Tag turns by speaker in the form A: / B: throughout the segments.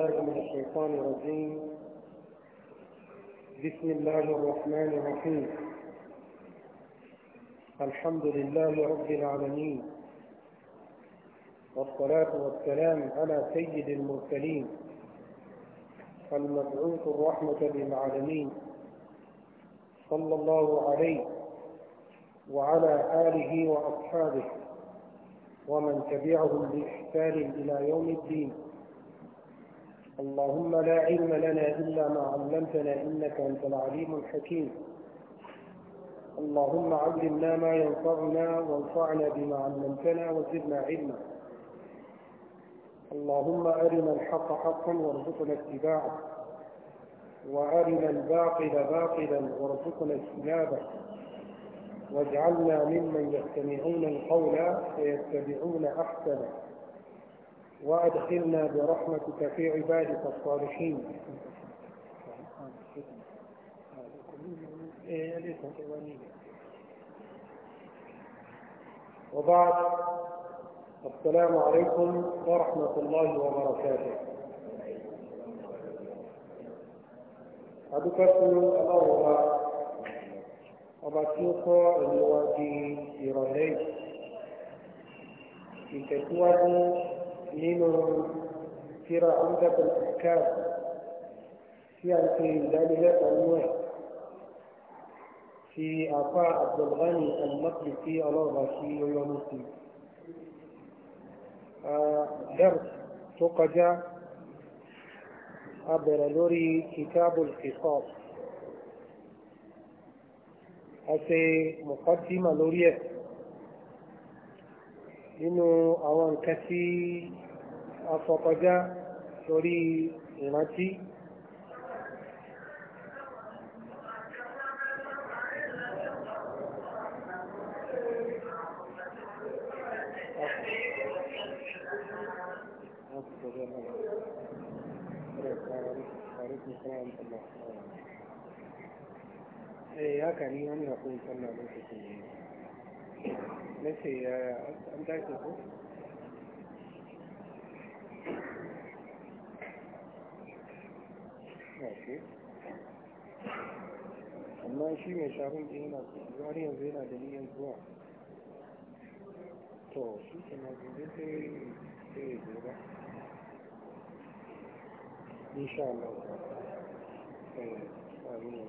A: بالله من الشيطان الرجيم بسم الله الرحمن الرحيم الحمد لله رب العالمين والصلاة والسلام على سيد المرسلين المبعوث الرحمة للعالمين صلى الله عليه وعلى آله وأصحابه ومن تبعهم بإحسان إلى يوم الدين اللهم لا علم لنا إلا ما علمتنا إنك أنت العليم الحكيم اللهم علمنا ما ينفعنا وانفعنا بما علمتنا وزدنا علما اللهم أرنا الحق حقا وارزقنا اتباعه وأرنا الباطل باطلا وارزقنا اجتنابه واجعلنا ممن يستمعون القول فيتبعون أحسنه وأدخلنا برحمتك في عبادك الصالحين وبعد السلام عليكم ورحمة الله وبركاته أدوكم الله ọba tí ó إن ìlú nínú tíra ọ̀dọ́tò káà tí a ti ìdánilẹ́kọ̀ọ́ nú ẹ̀ ti àfa Abdulghani al-Maqdisi tí ọlọ́ọ̀bà sí ọyọ́mú sí. dẹ́rù tó kọjá a bẹ̀rẹ̀ lórí kitabul qisas a ṣe mọ̀kọ́tìmà lórí ẹ̀ nínú àwọn nǹkan tí a fọkọjá torí ìrántí. Eh, haka ni wani hakuri sallah lokacin ne. nace an tashi ko amma shi mai shafin ɗin yana har yanzu yana da niyan zuwa to shi ke na gobe sai ya zo ba insha Allah eh amin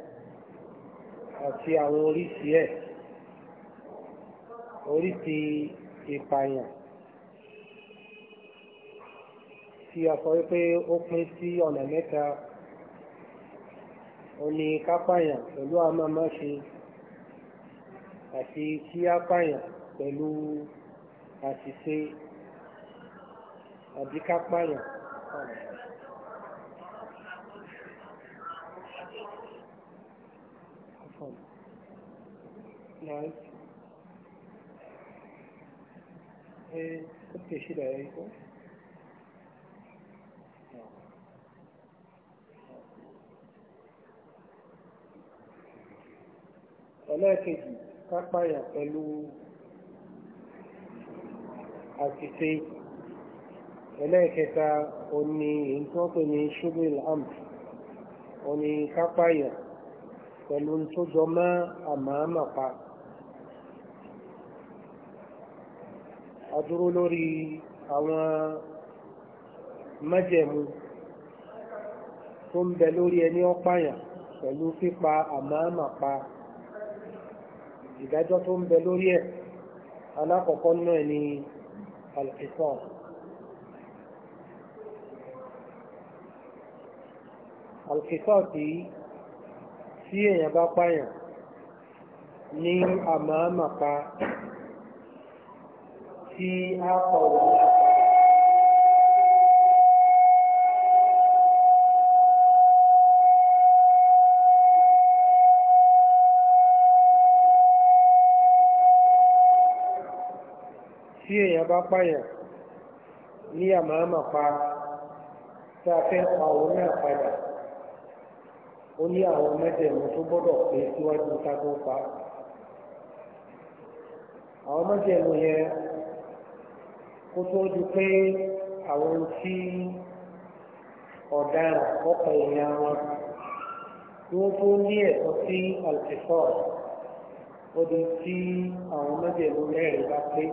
A: àti àwọn oríṣi ẹ̀ oríṣi ìpààyàn tí a sọ wípé ó pín sí ọ̀nà mẹ́ta ó ní kápáyàn pẹ̀lú amámáṣe àti kí á pààyàn pẹ̀lú àṣìṣe àbí kápáyàn. like eh kuke shida ya yi ko? ẹlẹ́ẹ̀kejì kápáyà pẹ̀lú àtìsí ẹlẹ́ẹ̀kẹta òní ìtọ́pẹ̀ ní ṣúgbìl amp òní kápáyà pẹ̀lú tó jọ mọ́ àmàmà pa. adúró lórí àwọn májẹ̀mú tó ń bẹ lórí ẹni ọ̀páyàn pẹ̀lú pípa àmàmà pa ìdájọ́ tó ń bẹ lórí ẹ̀ alákọ̀ọ́kọ́ náà ni alkisar alkisar tí tí èèyàn bá pààyàn ní àmàmà pa tí a kọ̀ wọ́n lápá. tí èèyàn bá pààyàn ní àmàmà pa tí a fẹ́ pa òun náà padà ó ní àwọn mẹ́tẹ̀ẹ̀mú tó gbọ́dọ̀ pé síwájú ká tó pa àwọn mẹ́tẹ̀ẹ̀mú yẹn kó tó di pé àwọn tí ọ̀daràn ọkọ̀ èèyàn wọn tí wọ́n tó ní ẹ̀kọ́ sí àlùfẹ́fọ́ ó di tí àwọn mẹ́jẹ̀lú mẹ́rin bá pé.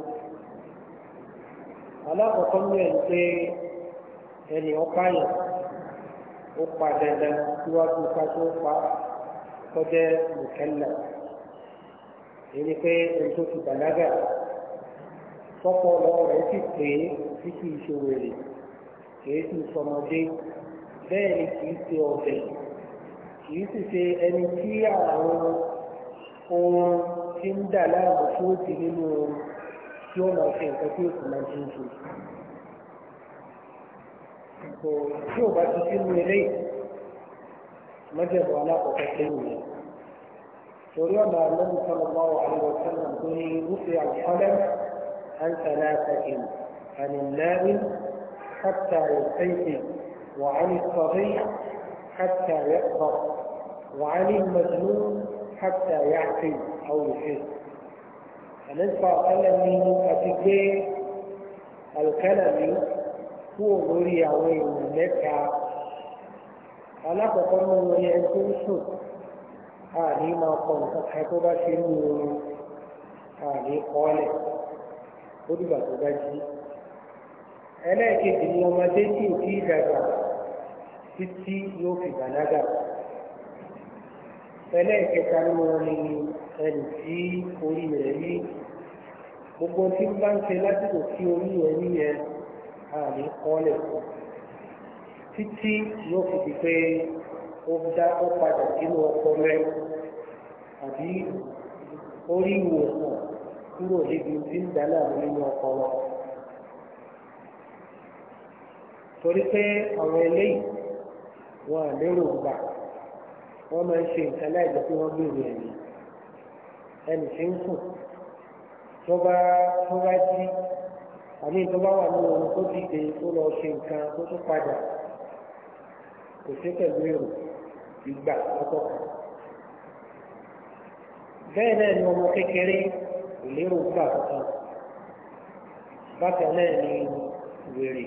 A: alákọ̀ọ́kọ́ ní ẹ̀yìn pé ẹnì ọ̀pá yẹn ó pa dandan síwájú ká tó pa kọjá mùkẹ́là èyí ni pé ẹni tó ti bàlágà tọ́pọ̀ lọ́wọ́ rẹ̀ sì pé tí kì í ṣe wèrè kìí sì sọmọdé bẹ́ẹ̀ ni kìí ṣe ọ̀bẹ̀ kìí sì ṣe ẹni tí àwọn ohun tí ń dà láàmú tí ó ti nínú tí ó máa ṣe nǹkan tí ó sì máa ń ṣe.
B: Kò tí ò bá ti
A: sínú eléyìí, mọ́jẹ̀bọ̀ alákọ̀ọ́kọ́ pé ìyẹn. Torí ọ̀nà àlọ́ ìsọ̀rọ̀ bá wà ní ọ̀sán tó ní rúfin àkọọ́lẹ́mù. عن ثلاثة عن النائم حتى يستيقظ وعن الصغير حتى يكبر وعن المجنون حتى يعقل أو يحس فننسى قلمي أتكيه
B: الكلمي
A: هو وين عوين مكة قلم غريع كل الشوك هذه ما قلت حتى بشير هذه قالت ó dìgbà tó bá jí ẹlẹ́ẹ̀kejì ni ọmọdé tí ò tí ì dàgbà títí yóò fi bàlágà ẹlẹ́ẹ̀kẹta ni wọn ni ẹnì tí orí rẹ̀ yí gbogbo tí ń bá ń ṣe lásìkò tí orí rẹ̀ yí yẹn àmì kọ́lẹ̀ títí yóò fi di pé ó dá ó padà sínú ọkọ rẹ̀ àbí orí ìwòsàn kúrò níbi tí ń dáná mi nínú ọpọlọ. torí pé àwọn eléyìí wọn à lérò gbà wọn máa ń ṣe nǹkan láìjẹ́ pé wọn gbèrò ẹ̀mí ẹnì tí ń sùn tó bá tó bá jí àmì tó bá wà ní ohun tó dìde tó lọ ṣe nǹkan tó tún padà kò sí pẹ̀lú èrò ìgbà lọ́tọ̀ bẹ́ẹ̀ náà ni ọmọ kékeré lérò gbà kankan bákan náà ni wèrè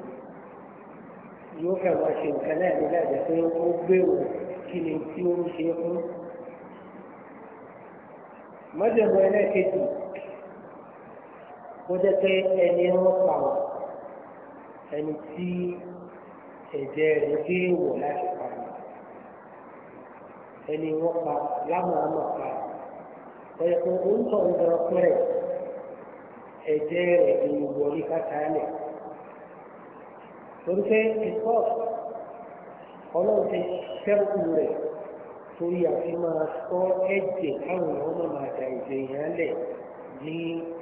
A: yóò fẹ́ máa ṣe nǹkan náà ní láti pé ó gbèrò kí ni tí ó ń ṣe fún. mọ́jọ̀mọ́ ẹlẹ́kejì ó jẹ́ pé ẹni wọ́n pa wọ́n ẹni tí ẹ̀jẹ̀ rẹ̀ dé wọ̀ láti pa ẹni wọ́n pa lámàá mọ̀ pa wọ́n ẹ̀yẹ kó o ń tọ̀ ń dọ̀rọ̀ fún ẹ̀ ẹ̀jẹ̀ rẹ̀ ni wọlé kátàálẹ̀ torí pé ìkọ́ ọlọ́run ti ṣẹ́kù rẹ̀ torí àti máa sọ ẹ̀jẹ̀ káwọn ọmọ máa da ẹ̀jẹ̀ ìyálẹ̀ ní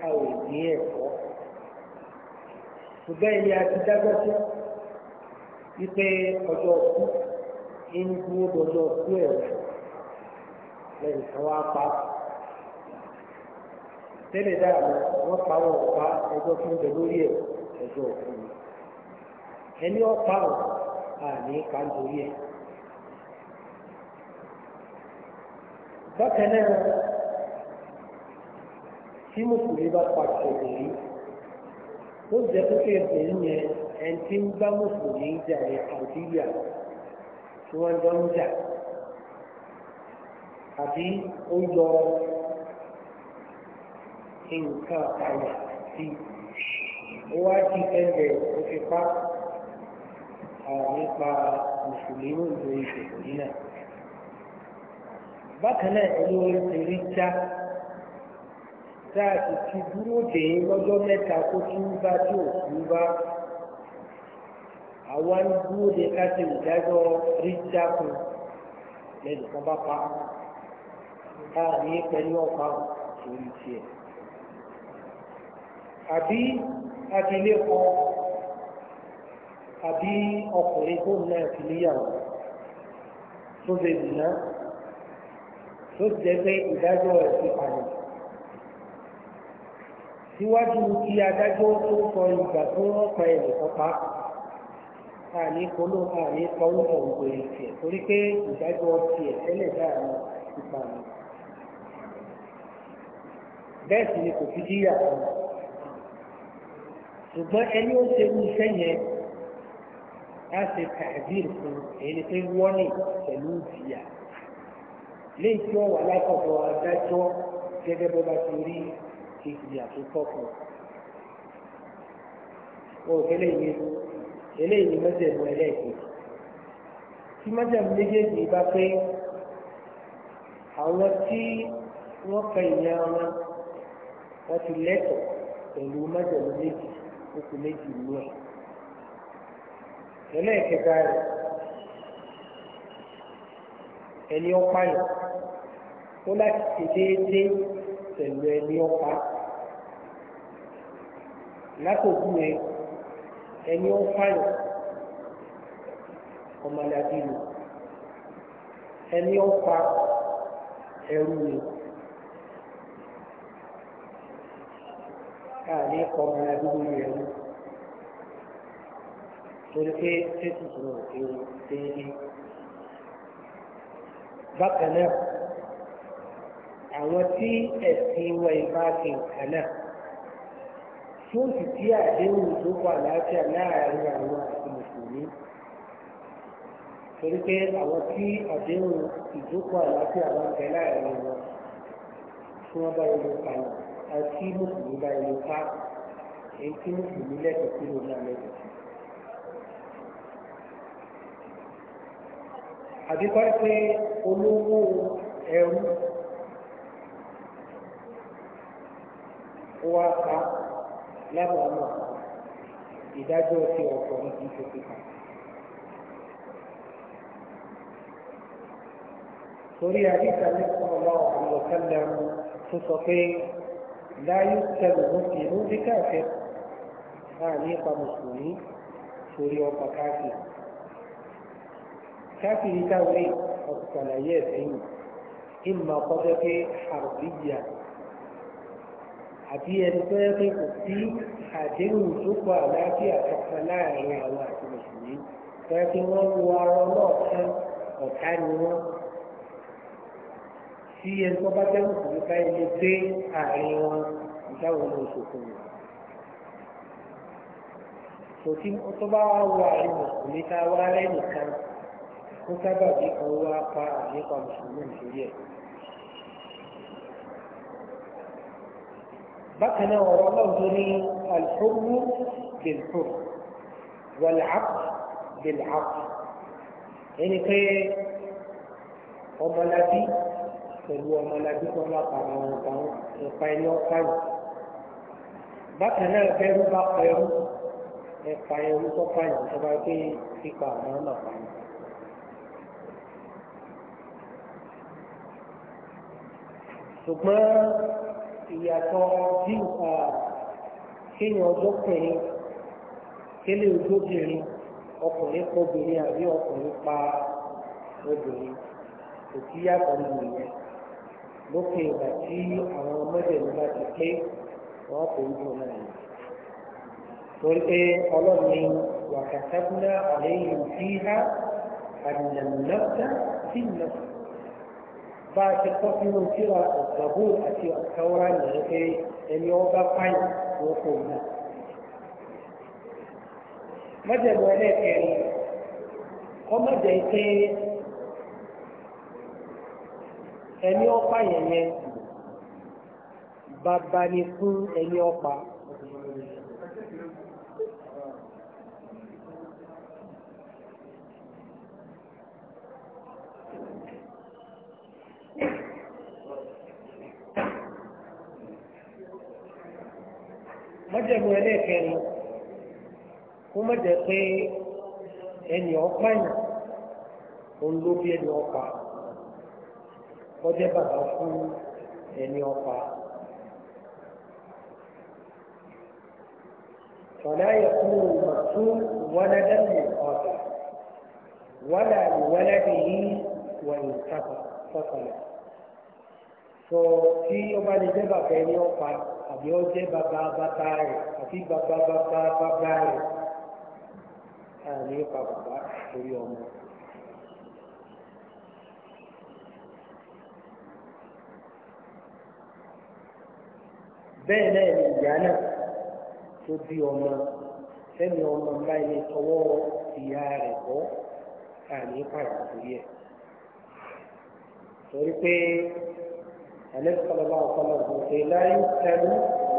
A: àwọn ìdí ẹ̀kọ́ ṣùgbọ́n ilé àti dágbà sí wípé ọjọ́ ọkú ń dúró lọ́jọ́ ọkú ẹ̀rọ lẹ́yìn kan wá pa á tẹ́lẹ̀ dáàbò wọ́n pa wọ́n pa ẹjọ́ tó ń bẹ lórí ẹ̀ ẹjọ́ òfin ni ẹni ọ̀pá ọ̀ àní ká lórí ẹ̀. bákan náà tí mùsùlùmí bá pa ṣẹ̀lẹ̀ yìí ó jẹ́ pípé ìbẹ̀rù yẹn ẹni tí ń bá mùsùlùmí jà ẹ̀ àdíyà tí wọ́n jọ ń jà àbí ó yọ nǹkan àyà sí ó wá di ẹgbẹ́ ó fi pa nípa mùsùlùmí òdo ìṣòro yìí náà bákan náà olórí ti rí já tá a sì ti dúró dè é lọ́jọ́ mẹ́ta kó tún bá tí ò tún bá àwa dúró de ká ṣe ìdájọ́ rí já fún lẹ́yìn kan bá pa á ní pẹ̀lú ọ̀pá òṣèlú tiẹ̀ àbí abilé kan àbí ọkùnrin tó ń náà ti níyàwó tó lè nà tó jẹ́ pé ìdájọ́ rẹ̀ ti pààyàn síwájú kí adájọ́ tó sọ ìgbà tó wọ́n pa ẹnìkan pa àní kolo àní kọ́wọ́ ọ̀gbọ̀n ìfẹ́ torí pé ìdájọ́ tiẹ̀ tẹ́lẹ̀ dáàmú ìpààyàn bẹ́ẹ̀ sì ni kò fi díyà kan ṣùgbọ́n ẹni ó ṣe irú iṣẹ́ yẹn á ṣe tàbír fún ẹni pé wọ́nì pẹ̀lú ìjìyà léyìí tí wọ́n wà látọ̀dọ̀ adájọ́ gẹ́gẹ́ bó bá ti rí ìjìyà tó tọ́ fún un. wọ́n ò eléyìí ni mọ́jẹ̀mú ẹlẹ́ẹ̀kejì tí mọ́jẹ̀mú méjèèjì bá pé àwọn tí wọ́n ka ìyá wọn wọ́n ti lẹ́tọ̀ọ́ pẹ̀lú mọ́jẹ̀mú méjèèjì kókó méjì nínú ẹ̀. ẹlẹ́ẹ̀kẹta rẹ̀ ẹni ọ̀pá yẹn ó láti ṣe déédéé pẹ̀lú ẹni ọ̀pá. látòkú rẹ̀ ẹni ọ̀pá yẹn ọmọlẹ́bí lò ẹni ọ̀pá ẹrú yẹn. àní kọmọ àdúgbò rẹ̀ mú torí pé tẹ́sí ìṣòro ìṣòro déédéé bákan náà àwọn tí ẹ̀sìn wọ ìbá fi nǹkan náà fún títí àdéhùn tó wà láàáfíà láàárín àwọn àti mùsùlùmí torí pé àwọn tí àdéhùn ìjókòó àlàáfíà bá bẹ láàárín wọn tí wọ́n bá yẹ ló pa àti mùsùlùmí bá ẹni ká èyí tí mùsùlùmí lẹ́tọ̀ọ́ sí lòun náà lẹ́tọ̀ọ́ sí. àbíkọ́ pé olówó ẹrú ó wá pa lábàámọ̀ ìdájọ́ ti ọ̀pọ̀ ní kí n ṣe torí àdìsá nípa ọlọ́run àwọn ọ̀sẹ̀ lẹ́nu tó sọ pé لا يقتل مسلم بكافر هذه قمصوني سوري وقاكي كافي تاوري قتل يسعين إما قدك حربية حتي يتوقي في حاجم سوق لا في أكفلا يعني الله سبحانه وتعالى فاتي الله وعلى الله وكان الله tí ẹni tó bá jẹ́ mùsùlùmí ká ilé dé àárín wọn ìdáwọ̀ ní oṣù fún mi. Sòtí tó bá wá wọ àárín mùsùlùmí ká wá lẹ́nìkan ó sábà bí kan wá pa àlépa mùsùlùmí nítorí Bákan náà ọ̀rọ̀ ọlọ́run tó ní alhurru bilhurru wàlàbù bilhàbù ẹni pé ọmọlábí pẹ̀lú ọmọ alájú tó ń látara wọn àtàwọn nǹkan ẹni ọ̀pá yìí. bákan náà bẹ́rù bá pa ẹrú ẹ̀ka ẹrú tó pààyàn tó bá gbé ipa àwọn ọmọ pààyàn. ṣùgbọ́n ìyàtọ̀ bí kéèyàn ọjọ́kùnrin kélé ojúbìnrin ọkùnrin pa obìnrin àbí ọkùnrin pa obìnrin kò sí yàtọ̀ nínú ìyẹn lókè ìgbà tí àwọn ọmọdé nígbà ti pé wọ́n kò ń dùn náà yìí. torí pé ọlọ́run ni wàkàtàbùnà àléyìn fi há àdìnàmùnàfà sí nà. bá a ti kọ́ sínú síra ọ̀gbọ̀gbọ̀ àti ọ̀káwá nìyẹn pé ẹni ọba pààyàn ló kò náà. mọ́jẹ̀lú ẹlẹ́kẹ̀rin kọ́ mọ́jẹ̀ pé ẹni ọ̀pá yẹn yẹn bàbá ni fún ẹni ọ̀pá. mọ́jẹ̀mú ẹlẹ́ẹ̀kẹrin kó mọ́jẹ̀ pé ẹni ọ̀pá yẹn òun ló bí ẹni kọjá bàbá fún ẹni ọ̀pá. فلا يكون المقتول ولدا للقاتل ولا لولده وإن فصل so tí ó bá lè jẹ́ bàbá ẹni ọ̀pá àbí ó jẹ́ bàbá bàbá rẹ̀ àbí bàbá bàbá bàbá rẹ̀ àní pa bàbá torí ọmọ. bẹ́ẹ̀ náà ni ìyá náà tó bí ọmọ sẹ́ni ọmọ báyìí ní tọwọ́ ìyá rẹ̀ bọ́ àní pàrọ̀ lórí ẹ̀ torí pé àlẹ́ sọlọ́lá ọ̀sọ́lá ọ̀sẹ̀ láyé tẹnu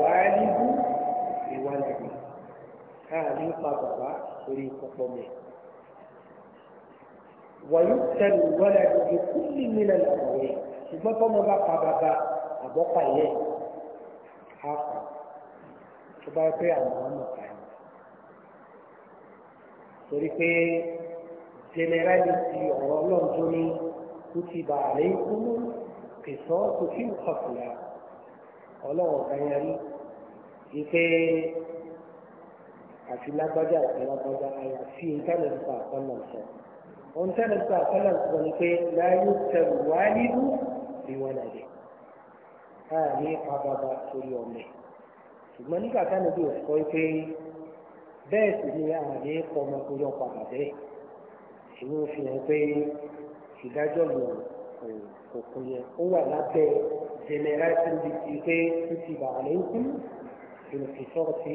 A: wàá níbú ìwádìí àní pa bàbá orí pọpọ mi. ويقتل الولد بكل من الأبوين ثم طلب قبض أبوك إليه àpà tó bá pé àwọn ọmọ ká ní. torí pé generality ọ̀rọ̀ ọlọ́run tó ní kútìbà àlékún pèsè ọ̀tún kí n kọ̀kùnlá ọlọ́run ọ̀gá yẹn rí i pé àti lágbájá àti lágbájá àyàfi ìtàlẹ́sà àkọ́nà ohun tẹ́lẹ̀sà àkọ́nà sọ ni pé láyé tẹ̀wálídú ìwọ̀n àdé àní pàbàbà torí ọ̀lẹ ṣùgbọ́n nígbà táwọn bí òkọ́ pé bẹ́ẹ̀ sì ni àní pọmọ torí ọ̀pá bàbẹ́ èyí ń fi hàn pé ìdájọ́ lò kò kún yẹn ó wà lábẹ́ generation bíi ti pé títí bàbá lè ń kú ìrìnkìsọ́ọ̀ sí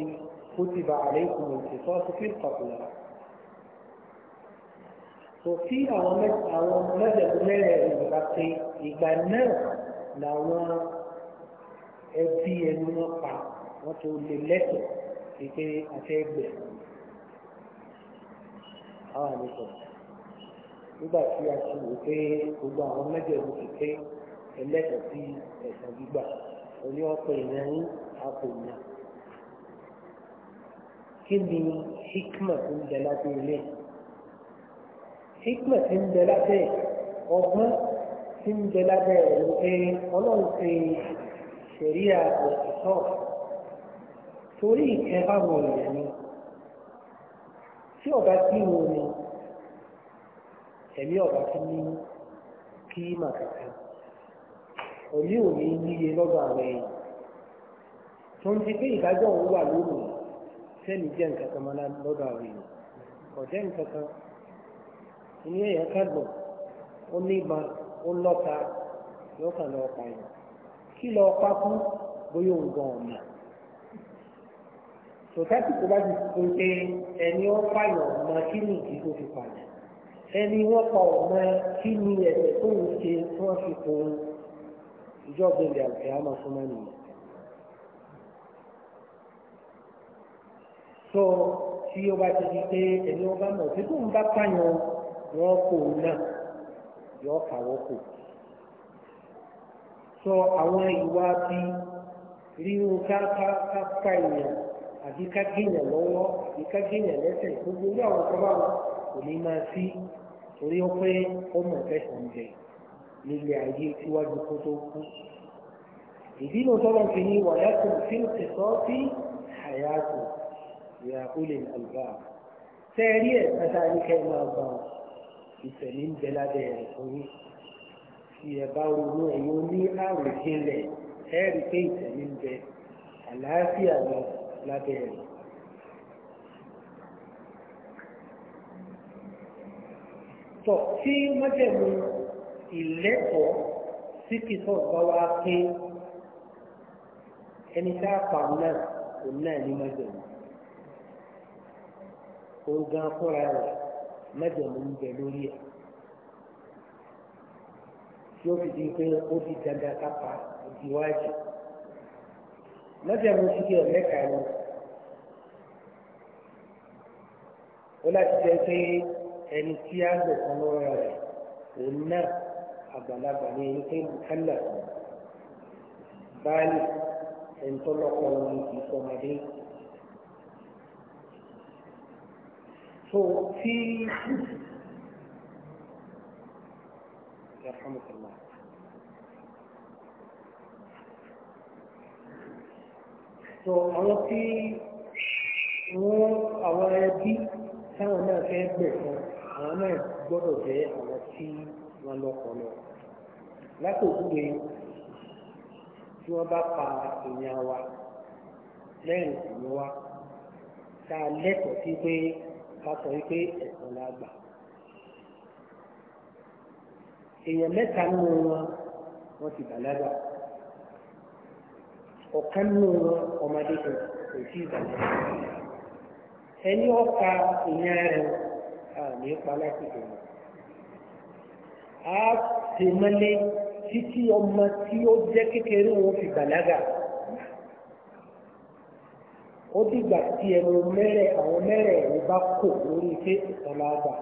A: كتب عليكم القصاص في القتلى sòfí àwọn àwọn mẹ́tẹ̀ẹ̀tẹ̀ mẹ́rẹ̀ẹ̀rin bá pé ìgbà náà làwọn ẹbí ẹnu wọn pa wọn tó lè lẹ́tọ̀ pé afẹ́gbẹ̀ àwọn àlejò nígbà tí a ti wò pé gbogbo àwọn mẹ́jẹ̀ẹ̀mú ti pé ẹlẹ́tọ̀ sí ẹ̀sán gbígbà oní ọ̀pọ̀ ìnáyí àpò ìná. kí ni hikma tó ń bẹ lábẹ́ ilé hikma tó ń bẹ lábẹ́ ọgbọ́n tó ń bẹ lábẹ́ ẹ̀ ló pé ṣẹ̀ríà òṣìṣọ́ torí ìkẹ́ báwọn èèyàn ni tí ọba tí wọn ni ẹ̀mí ọba tí ní kí màkàkà òní òní níye lọ́dọ̀ àwọn èèyàn tó ń ti pé ìdájọ́ òun wà lónìí sẹ́ni jẹ́ nǹkan kan máa lọ́dọ̀ àwọn èèyàn ọ̀jẹ́ nǹkan kan inú èèyàn kàgbọ̀n ó ní ìbọn ó lọ́ta lọ́kàn lọ́ọ̀pá yẹn kí lọ pa fún bóyá òun gan ọ̀nà tòtásì kò bá ti sọ pé ẹni ó pààyàn ọmọ kí ni ìdí tó fi pààyàn ẹni wọ́n pa ọmọ kí ni ẹ̀ṣẹ̀ tó ń ṣe tí wọ́n fi kó ìjọba ilẹ̀ àti àmọ́ súnmọ́ nìyẹn. tó tí ó bá ti di pé ẹni ó bá mọ̀ tí kò ń bá pààyàn wọ́n kò náà yọ kàwọ́ kò sọ àwọn ìwà bí ríru kápá ènìyàn àbí ká gèèyàn lọ́wọ́ àbí ká gèèyàn lẹ́sẹ̀ gbogbo orí àwọn ọ̀sán báwọn kò ní máa sí torí ó pé ó mọ̀ fẹ́sàn jẹ nílé ayé tíwájú kó tó kú. ìdí ló sọ́dọ̀ fi ní wàyà tó fi ń tẹ̀sọ́ sí àyàtò ìyá olè àlùbá. tẹ́ẹ̀rí ẹ̀ tata ní kẹ́ máa gbà ìtẹ̀lé ń bẹ lábẹ́ rẹ̀ fún yín tí ẹ bá ronú ẹ̀yin ní àrùn ìjìnlẹ̀ ẹ rí pé ìtẹ̀lé ń bẹ àlàáfíà lọ lábẹ́ rẹ̀. tọ̀ tí májẹ̀mú ìlẹ́kọ̀ọ́ sí kìsọ̀ bá wá pé ẹni tá a pa náà òun náà ní májẹ̀mú òun gan fúnra rẹ̀ májẹ̀mú ń bẹ lórí ẹ̀ tí ó fi di pé ó di dandan kápá ìwádìí. lọ́jà mo ti di ọ̀lẹ́ka ni ó láti jẹ́ pé ẹni tí a lò kan lọ́wọ́ rẹ̀ òun náà àgbàlagbà ni ẹni pé kálà báàlì ẹni tó lọ́kọ̀ ní ìsọmọdé. tó tí يرحمك الله so àwọn tí wọ́n àwọn ẹbí táwọn náà fẹ́ gbẹ̀sán àwọn náà gbọ́dọ̀ jẹ́ àwọn tí wọ́n lọ́pọ̀lọ́ látòkúwe tí wọ́n bá pa èèyàn wa lẹ́yìn ìsinmi wa tá lẹ́tọ̀ọ́ sí pé ká sọ wípé ẹ̀sán la gbà èèyàn mẹ́ta nínú wọn wọ́n ti bàlágà ọ̀kan nínú wọn ọmọdé kan kò tí ì bàlágà ẹni ọ̀ka ìyẹn rẹ̀ àmì ipa lásìkò rẹ̀ á ṣe mọ́lé títí ọmọ tí ó jẹ́ kékeré wọn fi bàlágà ó dìgbà tí ẹnu mẹ́rẹ̀ àwọn mẹ́rẹ̀ ẹ̀rọ bá kò lórí pé ìtọ́lá àgbà.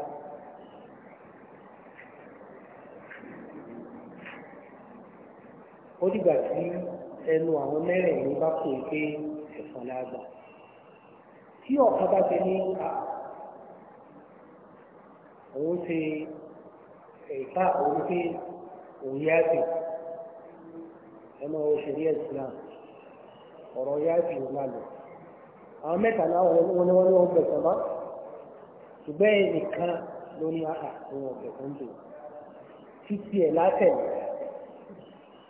A: ó dìgbà tí ẹnu àwọn mẹ́rẹ̀ẹ̀rin bá kò pé ẹ̀fọn lágbà tí ọ̀kan bá ti ní à òun ṣe ìta òun pé òun yá sí ẹnu òṣèré Islam ọ̀rọ̀ yá sí òun lálẹ́ àwọn mẹ́ta náà wọn ni wọ́n ní wọ́n gbẹ̀sán bá ṣùgbọ́n ẹnìkan ló ní àà òun ọ̀gbẹ̀sán tó títí ẹ̀ látẹ̀lẹ́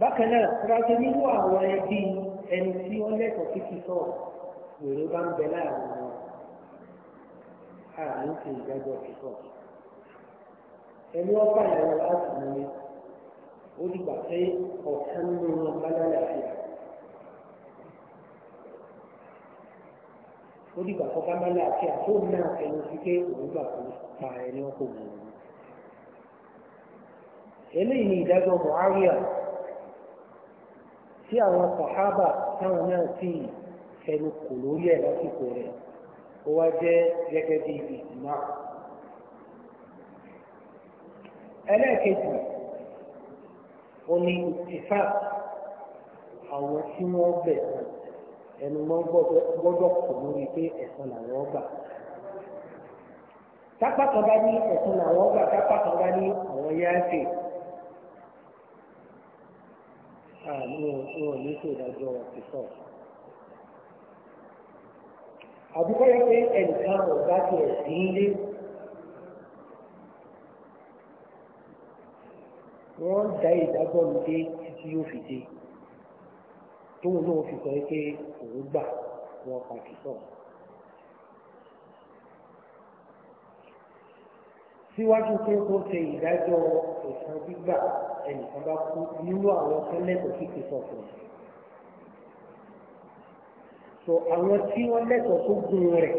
A: bákan náà kíláṣẹ nínú àwọn ẹbí ẹni tí wọ́n lẹ́kọ̀ọ́ títí sọ wèrè bá ń bẹ láàrin wọn àmì ṣe ìdájọ́ kíkọ ẹni wọ́n bá yàrá láti mú mi ó dìgbà pé ọ̀kan nínú wọn bá lálàáfíà ó dìgbà tó bá lálàáfíà tó náà ẹni sí pé òun gbà kó pa ẹni wọn kò eléyìí ni ìdájọ́ mọ̀ áríà tí àwọn sàhábà táwọn náà sì ẹnu kò lórí ẹ̀ lásìkò rẹ̀ ó wá jẹ́ gẹ́gẹ́ bí ìgbìmọ̀ ẹlẹ́ẹ̀kejì ó ní ìtìfà àwọn tí wọ́n bẹ̀ ẹnu mọ́ gbọ́dọ̀ kò lórí pé ẹ̀san làwọn gbà tápá bá ní ẹ̀san làwọn gbà tápá bá ní àwọn yááfẹ́ wọn ah, ò ní tó ìdájọ́ ìfọ̀. àbíkọ́ yẹ pé ẹnìkan ọ̀gá ti ẹ̀ sí ilé wọ́n da ìdájọ́ mi dé títí yóò fi dé tóun náà fi sọ pé òun gbà wọn pàtì sọ̀rọ̀. síwájú pé ó ṣe ìdájọ́ ẹ̀san gbígbà ẹnìkan bá kú nínú àwọn tẹ́lẹ̀tọ̀ sí ti sọ so àwọn tí wọ́n lẹ́tọ̀ọ́ tó gun rẹ̀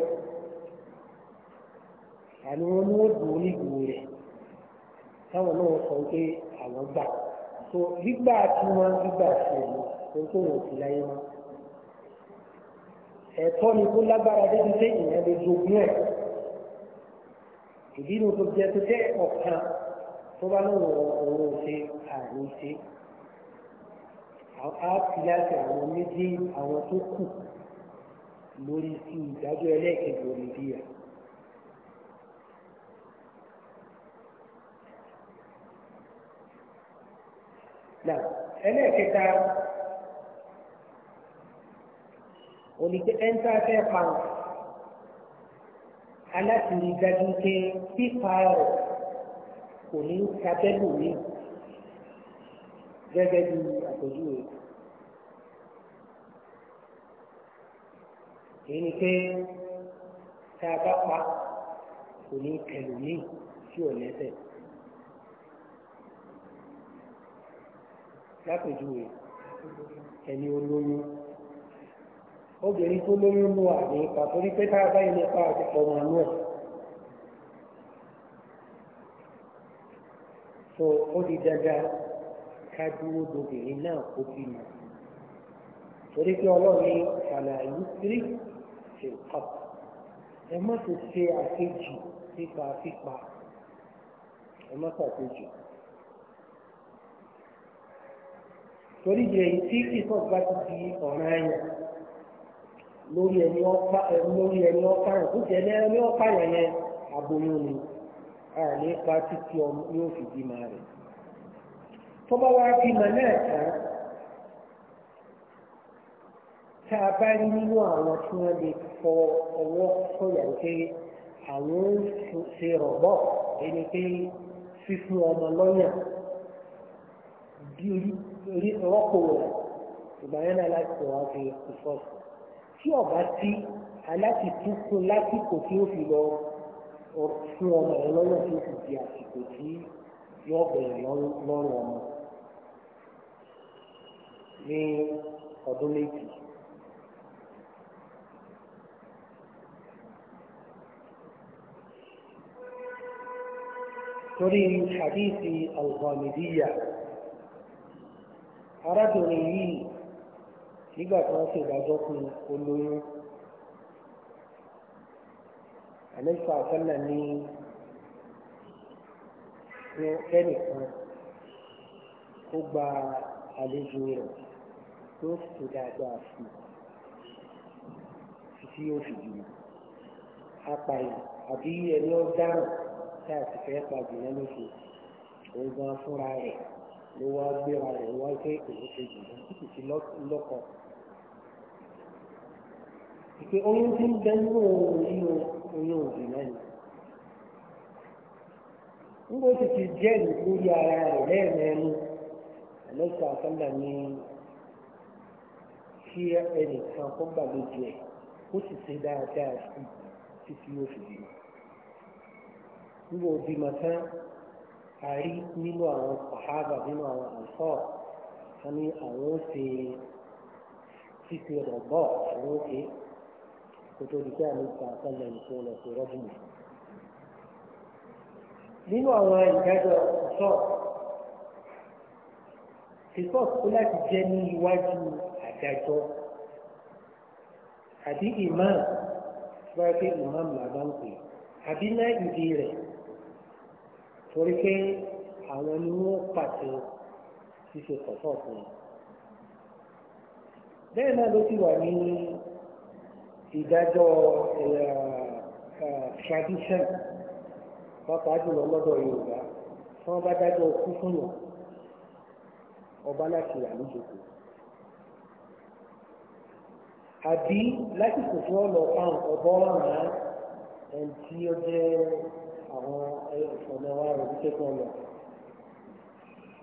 A: àní wọn ni wọ́n onígun rẹ̀ táwọn náà sọ pé àwọn gbà so gbígbà tí wọ́n gbígbà ṣe lò kó tó wọ̀ sí láyé wọn. ẹ̀tọ́ ni kó lágbára débi pé ìyẹn lè jogún ẹ̀ ìdí inú tó jẹ́ tó jẹ́ ọ̀kan tó bá lọ́wọ́ òun ò ṣe àrùn ṣe á fi láti àwọn méjì àwọn tó kù lórí sí ìdájọ́ ẹlẹ́ẹ̀kejì olùdíyà. Náà ẹlẹ́ẹ̀kẹta oníkẹ́ ẹ̀ńtà fẹ́ pa wọn aláṣìírí dájú pé pípa rẹ̀ kò ní sábẹ́lù mi gẹ́gẹ́ bí àpèjúwe. èyí ni pé tá a bá pa kò ní kẹlù mi tí ò lẹ́sẹ̀. lápèjúwe ẹni olóyún obìnrin tó lóyún mú àdé ipa torí pé tá a bá àti ọmọ inú ẹ̀. so ó di dandan ká dúró dobìnrin náà kó bí mọ torí pé ọlọ́run ní àlàyé tírí ṣe kọ́ ẹ má ti ṣe àkejì nípa pípa ẹ má ṣàkejì. torí jẹ́ ìtí ìsọ̀gbà ti di ọ̀ràn ẹ̀yàn lórí ẹni ọ̀pá lórí ẹni ọ̀pá yẹn kó jẹ́ ẹni ọ̀pá yẹn yẹn aboyún ni a ní pa títí ọmọ yóò fi bímọ rẹ̀. tọ́ba wa bímọ náà tán tá a bá nínú àwọn tí wọ́n lè fọ ọwọ́ sọ̀yà pé àwọn ń ṣe rọ̀bọ̀ ẹni pé fífún ọmọ lọ́yàn bí rọ́pò rẹ̀ ìgbà yẹn náà láti sọ̀rọ̀ àti ìfọ̀sọ̀ tí ọba tí aláti tún fún lásìkò tí ó fi lọ fún ọmọ ẹ lọ́wọ́ tí ó fi di àsìkò tí yọ bẹ̀rẹ̀ lọ́rùn ọmọ ní ọdún méjì. torí hadithi alhamidiyya arábìnrin yìí nígbà tí wọ́n ṣe ìdájọ́ fún olóyún àlẹ́sà àtọ́nà ní kẹ́nìkan ó gba àlejò rẹ̀ tó sì dáadáa sí i tí yóò fi jù apààyàn àbí ẹni ó dáràn tá a sì fẹ́ pa jùlọ lóṣù òun gan fúnra rẹ̀ ló wá gbéra rẹ̀ wá pé òun ṣe jù lọ́kọ̀ọ́ pé oyún ti ń bẹ nínú oyún oyún òbí náà ni. nígbà tó ti jẹ́ lórí ara rẹ̀ lẹ́ẹ̀mẹ́rin àlọ́sọ àfẹ́lá ni kí ẹnìkan kó gbàlejò ẹ̀ ó sì ṣe dáadáa sí títí yóò fi bímọ. nígbà òbí màtá a rí nínú àwọn sàhábà nínú àwọn àǹsọ̀ wọn ni àwọn ó ṣe títí rẹ̀ bọ̀ àwọn ó ṣe kótó di pé àlejò àtàlẹ̀ nìkan lọ sí rọ́bù mi. nínú àwọn ìdájọ́ ìṣọ́ ìṣọ́ tó láti jẹ́ ní iwájú àdájọ́ àbí ìmáà tó bá pé ìmáà làbá ń pè àbí náà ìdí rẹ̀ torí pé àwọn ni wọ́n pàṣẹ ṣíṣe kọ̀ọ̀kan fún un. bẹ́ẹ̀ náà ló ti wà ní ìdájọ́ tradition pàápàá jùlọ lọ́dọ̀ yorùbá tí wọ́n bá dájọ́ kú fún yàn ọba láti yà níjókòó àbí lásìkò tí wọ́n lọ fáwọn ọ̀bọ ọ̀ràn ẹni tí ó jẹ́ àwọn ọ̀nà wa rẹ̀ wípé kí wọ́n lọ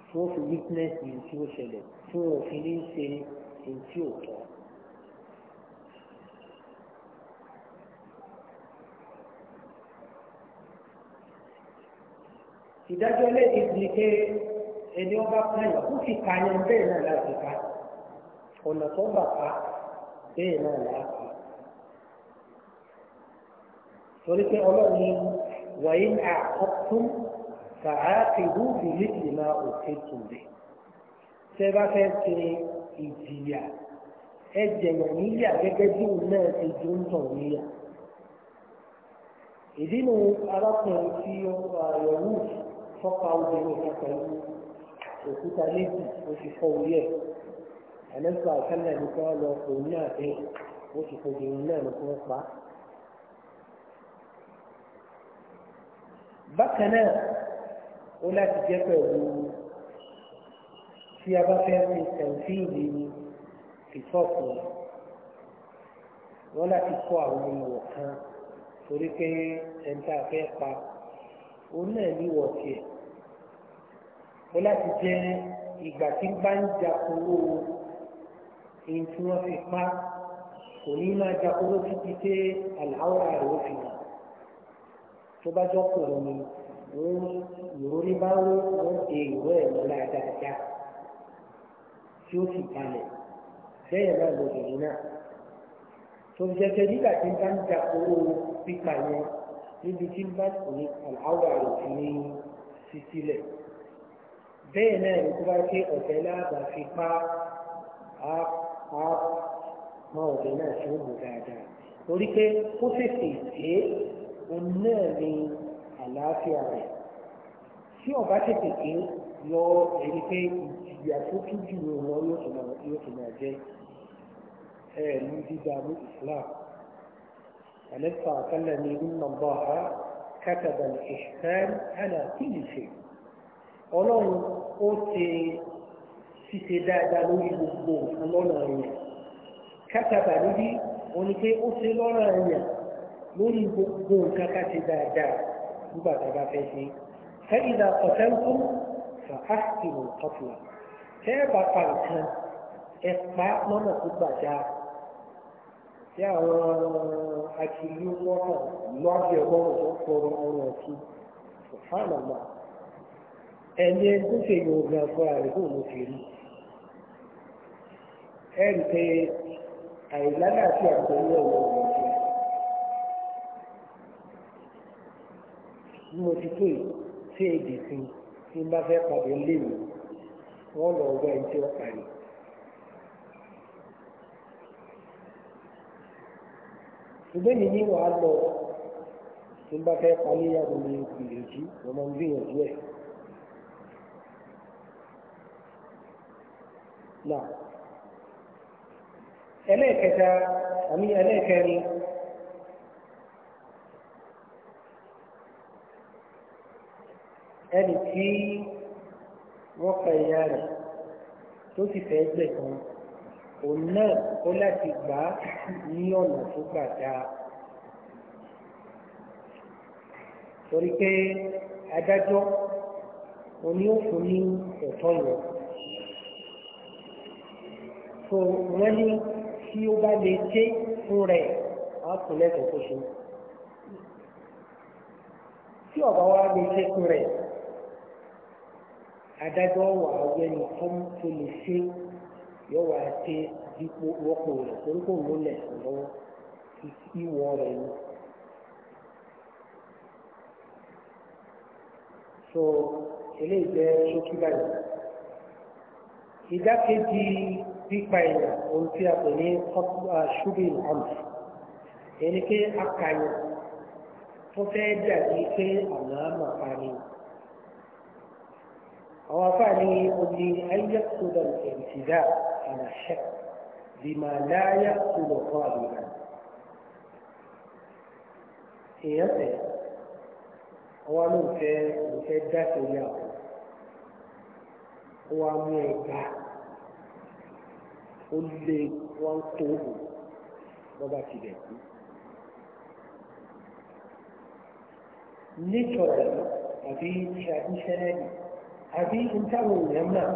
A: tí wọ́n fi witness yìí tí ó ṣẹlẹ̀ tí wọ́n fi ní ṣe èyí tí ò tọ́. ìdájọ́ ẹlẹ́yìn ni pé ẹni ọba pẹ́yìn ó fi ka yẹn bẹ́ẹ̀ náà láti ká ọ̀nà tó bà ká bẹ́ẹ̀ náà láti ká. torí pé ọlọ́run ni wàyí ní àkọ́tún fàákìlú bìlí ìmọ̀ òkèèkùn rẹ̀ tẹ́ bá fẹ́ ṣe ìjìyà ẹ jẹ̀yàn níyà gẹ́gẹ́ bí òun náà ti dùn tàn níyà. ìdí nu arákùnrin tí ó wà yọ̀wù sí tọ́pa obìnrin kan pẹ̀lú òkúta méjì ó ti fọ́ orí ẹ̀ àlẹ́sọ̀ àkálà ní kí wọ́n lọ òun náà dé ó ti fọ́ obìnrin náà ní kí wọ́n pa. bákan náà ó láti jẹ́ pẹ̀lú tí a bá fẹ́ fi tẹ̀síìlì ní fìtọ́ọ̀kù wọ́n láti kọ́ àwọn ìwọ̀ kan torí pé ẹ̀ńtà fẹ́ pa òun náà ní wọ̀ tiẹ̀ ó láti jẹ́ ìgbà tí bá ń jakoro ohun tí wọ́n fi pa kò ní máa jakoro títí dé àláwọ̀ rẹ̀ ó fi hàn tó bá jọ pọ̀ ní ìròrí bá wó wọ́n de ìwé ẹ̀ lọ́la dáadáa tí ó sì balẹ̀ bẹ́ẹ̀ náà lòdìrí náà tó ń jẹ́jẹ́ nígbà tí bá ń jakoro pípa yẹn níbi tí bá kò ní àláwọ̀ rẹ̀ ò fi ní sísílẹ̀ bẹ́ẹ̀ náà ní tó bá ṣe ọ̀tẹ̀ láàbà fi pa á mọ ọ̀bẹ náà tí ó mú dáadáa torí pé ó fèsì ìṣe òun náà ní àlàáfíà rẹ̀ tí ọba tètè pé lọ ẹni pé ìjìyà tó tún jù lọ yóò tún máa jẹ ẹ̀ẹ́dì dídàmú Islam àlẹ́fà àkàlẹ̀ ní ìnáwó ọ̀há kátàbà ìṣẹ́ àlàáfíà ìṣe ọlọ́run ó ṣe ṣíṣe dáadáa lórí gbogbo nǹkan lọ́nà ẹ̀yà kátàbà níbí òun ni pé ó ṣe lọ́nà ẹ̀yà lórí gbogbo nǹkan ká ṣe dáadáa nígbà tá a bá fẹ́ ṣe fẹ́ìdà ọ̀tẹ́ńkù fà á sì rò kọ́pùlà tẹ́ẹ̀bà pa nǹkan ẹ̀ pa lọ́nà tó gbàjá tí àwọn akílú wọn kàn lọ́ọ̀dẹ̀ ọlọ́run tó fọ̀rọ̀ ọrùn ọ̀tún fàánà náà ẹni tó ṣe yóò gba agbára rẹ̀ kóun ló fi rí ẹ ń pe àìlálàáfíà tó ń lọ ìwọ̀n ìwọ̀n bí mo ti tó yìí sí èdè sí tí n bá fẹ́ pàdé léwu wọ́n lọ wọ ẹni tí wọ́n parí. ṣùgbọ́n mi wàá lọ tí n bá fẹ́ parí yàgò mi gbìyànjú mo ń gbìyànjú ẹ̀. náà ẹlẹ́ẹ̀kẹta àmì ẹlẹ́ẹ̀kẹrin ẹni tí wọ́n pa ìyá rẹ̀ tó sì fẹ́ gbẹ̀san òun náà ó láti gbà á ní ọ̀nà tó gbà dáa. torí pé adájọ́ oní òfin ní ẹ̀tọ́ yẹn so wọ́n ní tí ó bá lè ṣe fún rẹ̀ á kún lẹ́sìn kó ṣe tí ọba wa lè ṣe fún rẹ̀ adájọ́ wà wẹ́ni fún tó lè ṣe yóò wá ṣe dípò wọ́pọ̀ rẹ̀ torí kò ń lọ́wọ́ ìwọ rẹ̀ ni. so eléyìí jẹ́ ṣókí báyìí ìdákejì. pípa ẹ̀yà ohun tí a pè ní ṣúbì àmì ẹni pé akàyàn tó fẹ́ dàbí pé àná màpá ni àwọn afáàní omi ayélujára ìtìdá àlàṣẹ bìmọ̀ láyà tó lọ fún àbúrò èèyàn tẹ̀ àwọn alóòfẹ́ òfẹ́ dá sórí àpò ó wá mú ẹ gbà á. ó lé wọn tó hù wọn bá ti dẹ̀ kú. nítorí àbí traditionally àbí nítawọn èèyàn náà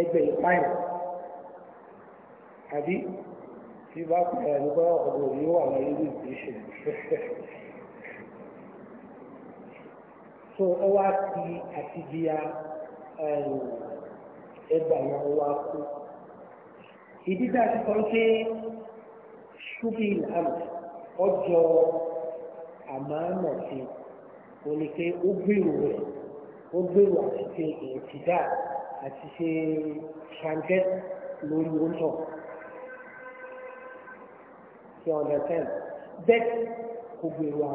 A: ẹgbẹ́ ìpáyà àbí tí bá pè é nígbà ọ̀dọ̀ yóò wà ní ìgbésẹ̀. so ọwọ́ àti àtijọ́ ẹgbàá yẹn wá kú ìdíjà ti sọ pé ṣúbí ìlànà ọjọ́ àmàánà ti o ní pé ó gbèrò rẹ̀ ó gbèrò àti ṣe ìtìjà àti ṣe ṣàǹgẹ́ lórí oúnjẹ. ṣe ọ̀nà tẹ́lẹ̀ bẹ́ẹ̀ kò gbèrò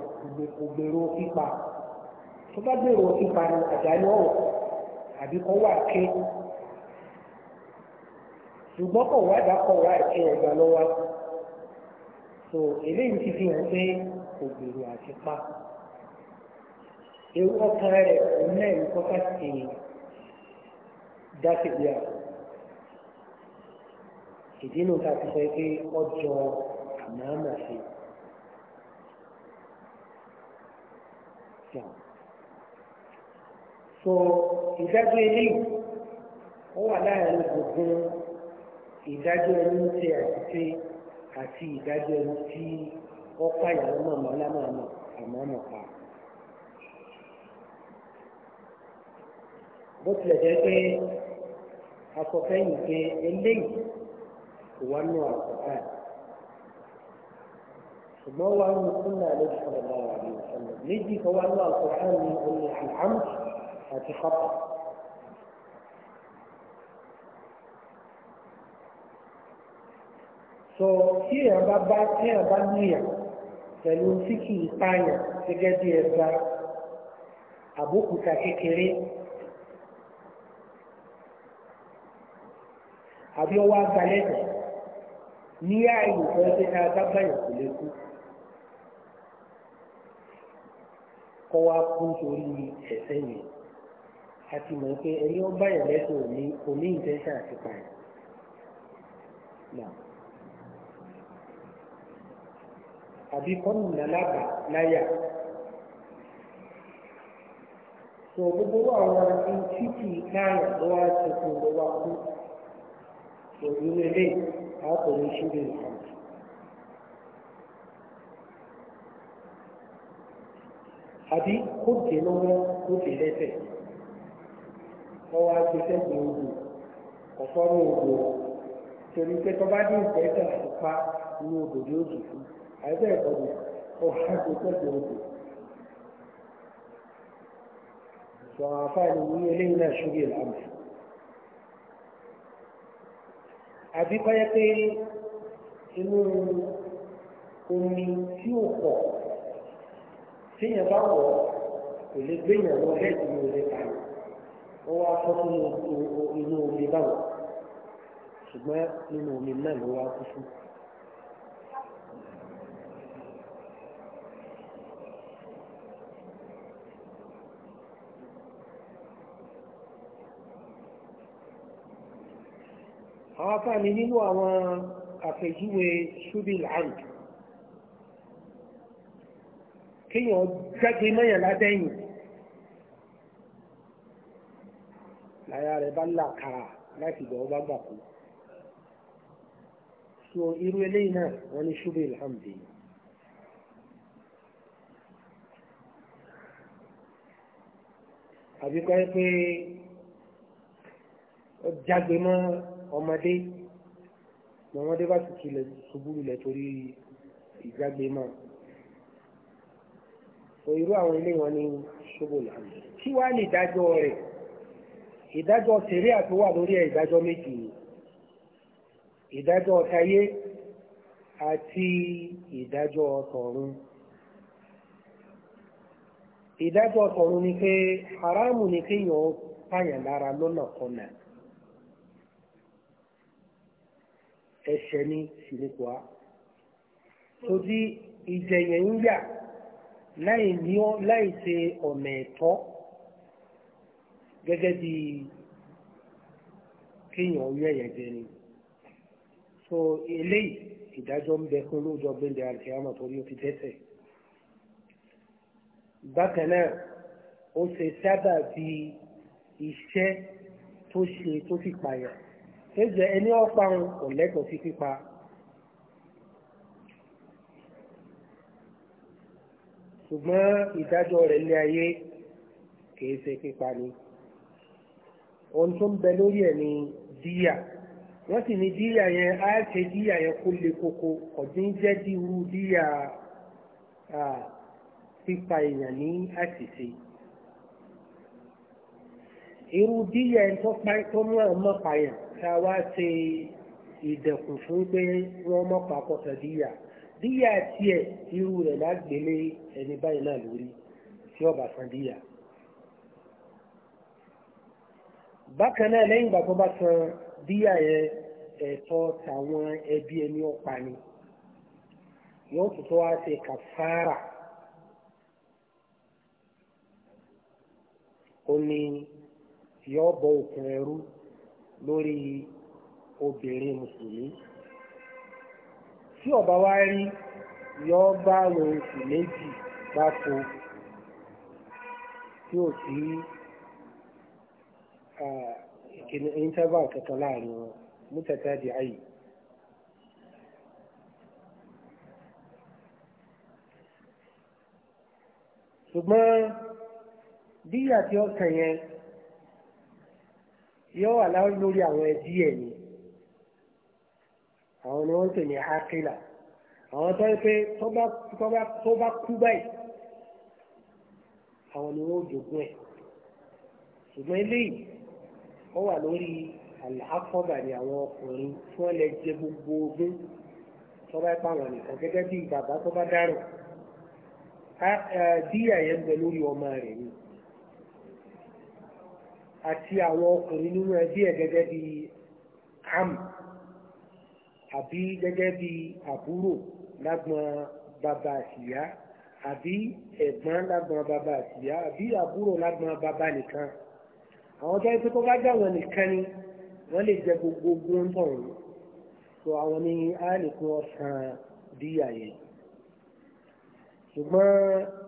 A: kò gbèrò pípa tó bá gbèrò pípa ni àjà ni àbí kọ́ wà ké ṣùgbọ́n kò wá dákọ̀ wá ẹ̀kẹ́ ọ̀gbà lọ́wọ́ so eléyìí ti fi hàn pé kò gbèrò àti pa ewu ọkàn rẹ̀ òun náà ní kọ́kà sí dáṣìbí à ìdí nù ká ti sọ pé ọjọ́ àmàmà ṣe. so ìdájọ́ eléyìí ó wà láàrin gbogbo ìdájọ́ ẹni ń ṣe àṣìṣe àti ìdájọ́ ẹni tí ọ̀pá ìyàwó náà mọ̀ lámàmà àmọ́ mọ̀ pa. bó tilẹ̀ jẹ́ pé akọ̀fẹ́yìn pé eléyìí kò wá nù àkọ́kọ́ ẹ̀. ṣùgbọ́n wá nù súnà ló ti sọ̀rọ̀ bá wà ní ìṣẹ̀lẹ̀ méjì kan wá nù àkọ́kọ́ ní omi àlámù àti kọ́pà. so tí èèyàn bá bá téèyàn bá níyà pẹ̀lú tí kì í pààyàn gẹ́gẹ́ bí ẹ̀gbà àbókúta kékeré àbí ọwọ́ agbálẹ́dẹ̀ ní ààyè fẹ́ pé ká dábàyàn kò lè kú kọ́ wa kú torí ẹ̀sẹ̀ yìí a ti mọ̀ pé ẹni ó báyàn lẹ́sẹ̀ òní òní ìtẹ́sẹ̀ àti pààyàn. àbí kọ́nà lábà láyà. sọ gbogbo àwọn tí kì í káyà ló wá tuntun ló wá kú òbí lélẹ àkùnrin ṣíbi nǹkan. àbí kó dé lọ́wọ́ kó dé lẹ́sẹ̀ ọwọ́ agbésẹ́ gbé ogun ọ̀fọ́rọ̀ ogun torí pé tọ́ba ní ìgbésẹ̀ àtúpá ní odò yóò dùn fún àìbẹ́ ìkọ̀dù ọ̀hánṣe tẹ́sí odò ṣọ̀rọ̀ àfáàní ní eléyìí náà ṣúrí ìlànà àbí kọ́yẹ́ pé inú omi tí ò pọ̀ téèyàn bá wọ̀ kò lè gbéyàn lọ bẹ́ẹ̀ tí mo lè pa ó wá fọ́ sínú inú omi báwọn ṣùgbọ́n nínú omi náà ló wá kú fún un. àwọn afáàní nínú àwọn àfẹ̀júwe ṣúbìl àrùn kéèyàn jáde mọ́yàn látẹ̀yìn láyà rẹ̀ bá là kàrà láti ìgbà ọba gbà kú so irú eléyìí náà wọ́n ní ṣúbìl àrùn àbíkọ́ pé ó jágbe mọ́ ọmọdé lọ́mọdé bá sì tilẹ̀ ṣubú lulẹ̀ torí ìgbàgbé máa so irú àwọn ilé wọn ní ṣubú làmì kí wàá ní ìdájọ́ rẹ̀ ìdájọ́ sẹ̀rí àti wà lórí ẹ̀ ìdájọ́ méjì ni ìdájọ́ àti ìdájọ́ ọ̀tọ̀run ìdájọ́ ọ̀tọ̀run ni pé haramu ni kéèyàn pààyàn lára lọ́nà kan náà. ẹ̀ṣẹ̀ ní ṣìnìkùá tó tí ìjẹyẹ ń yà láì ní ọ láì ṣe ọ̀nà ẹ̀tọ́ gẹ́gẹ́ bí kéèyàn yẹ̀yẹ̀ jẹ ni so eléyìí ìdájọ́ ń bẹ fún lóòjọ́ gbẹ̀ndẹ̀ àkíyàmọ̀ torí ó ti dẹ́ṣẹ̀ bákan náà ó ṣe sábà bí iṣẹ́ tó ṣe tó fi pààyàn ẹjẹ ẹni ọ̀pá wọn kò lẹ́tọ̀ọ́ sí pípa. ṣùgbọ́n ìdájọ́ rẹ̀ lé ayé kìí ṣe pípa ni. ohun tó ń bẹ lórí ẹ̀ ni díyà wọ́n sì ní díyà yẹn á ṣe díyà yẹn kó le koko ọ̀dín jẹ́ díru díyà pípa èèyàn ní àṣìṣe irú díyà ẹ̀ tó mú ẹ̀ mọ́ pààyàn ká wá ṣe ìdẹ̀kùn fún pé wọ́n mọ̀ papọ̀ sàdíyà díyà tiẹ̀ irú rẹ̀ lágbélé ẹni báyìí náà lórí tí ọba san díyà. bákan náà lẹ́yìn ìgbà tó bá san díyà yẹn ẹ̀tọ́ tàwọn ẹbí ẹni ọ̀pá ni yóò tún tó wá ṣe kàfàrà. ó ní yọ bọ òkun ẹrú lórí obìnrin mùsùlùmí tí ọba wa rí yọ bá àwọn oṣù méjì gbáko tí ò sí interval kankan láàrin wọn mútẹtẹ di ayé. ṣùgbọ́n díyà tí ó yẹn yóò wà lórí àwọn ẹbí ẹ̀ ni àwọn ni wọ́n ń pè ní akílà àwọn tó ń pé tó bá kú báyìí àwọn ni wọ́n jogún ẹ̀ ṣùgbọ́n eléyìí ó wà lórí àlàáfọ́bà àwọn ọkùnrin tí wọ́n lè jẹ gbogbo ogún tó bá pa àwọn nìkan gẹ́gẹ́ bí bàbá tó bá dárò díyà yẹn ń bẹ lórí ọmọ rẹ̀ ni àti àwọn ọkùnrin nínú ẹbí ẹ̀ gẹ́gẹ́ bí am àbí gẹ́gẹ́ bí àbúrò lágbọn bàbá àtìyá àbí ẹ̀gbọ́n lágbọn bàbá àtìyá àbí àbúrò lágbọn bàbá nìkan àwọn tó ń pẹ́ tó bá dá wọn nìkan ni wọ́n lè jẹ gbogbo ogun tó so àwọn ni a lè kún ọ̀sán díyà yẹn ṣùgbọ́n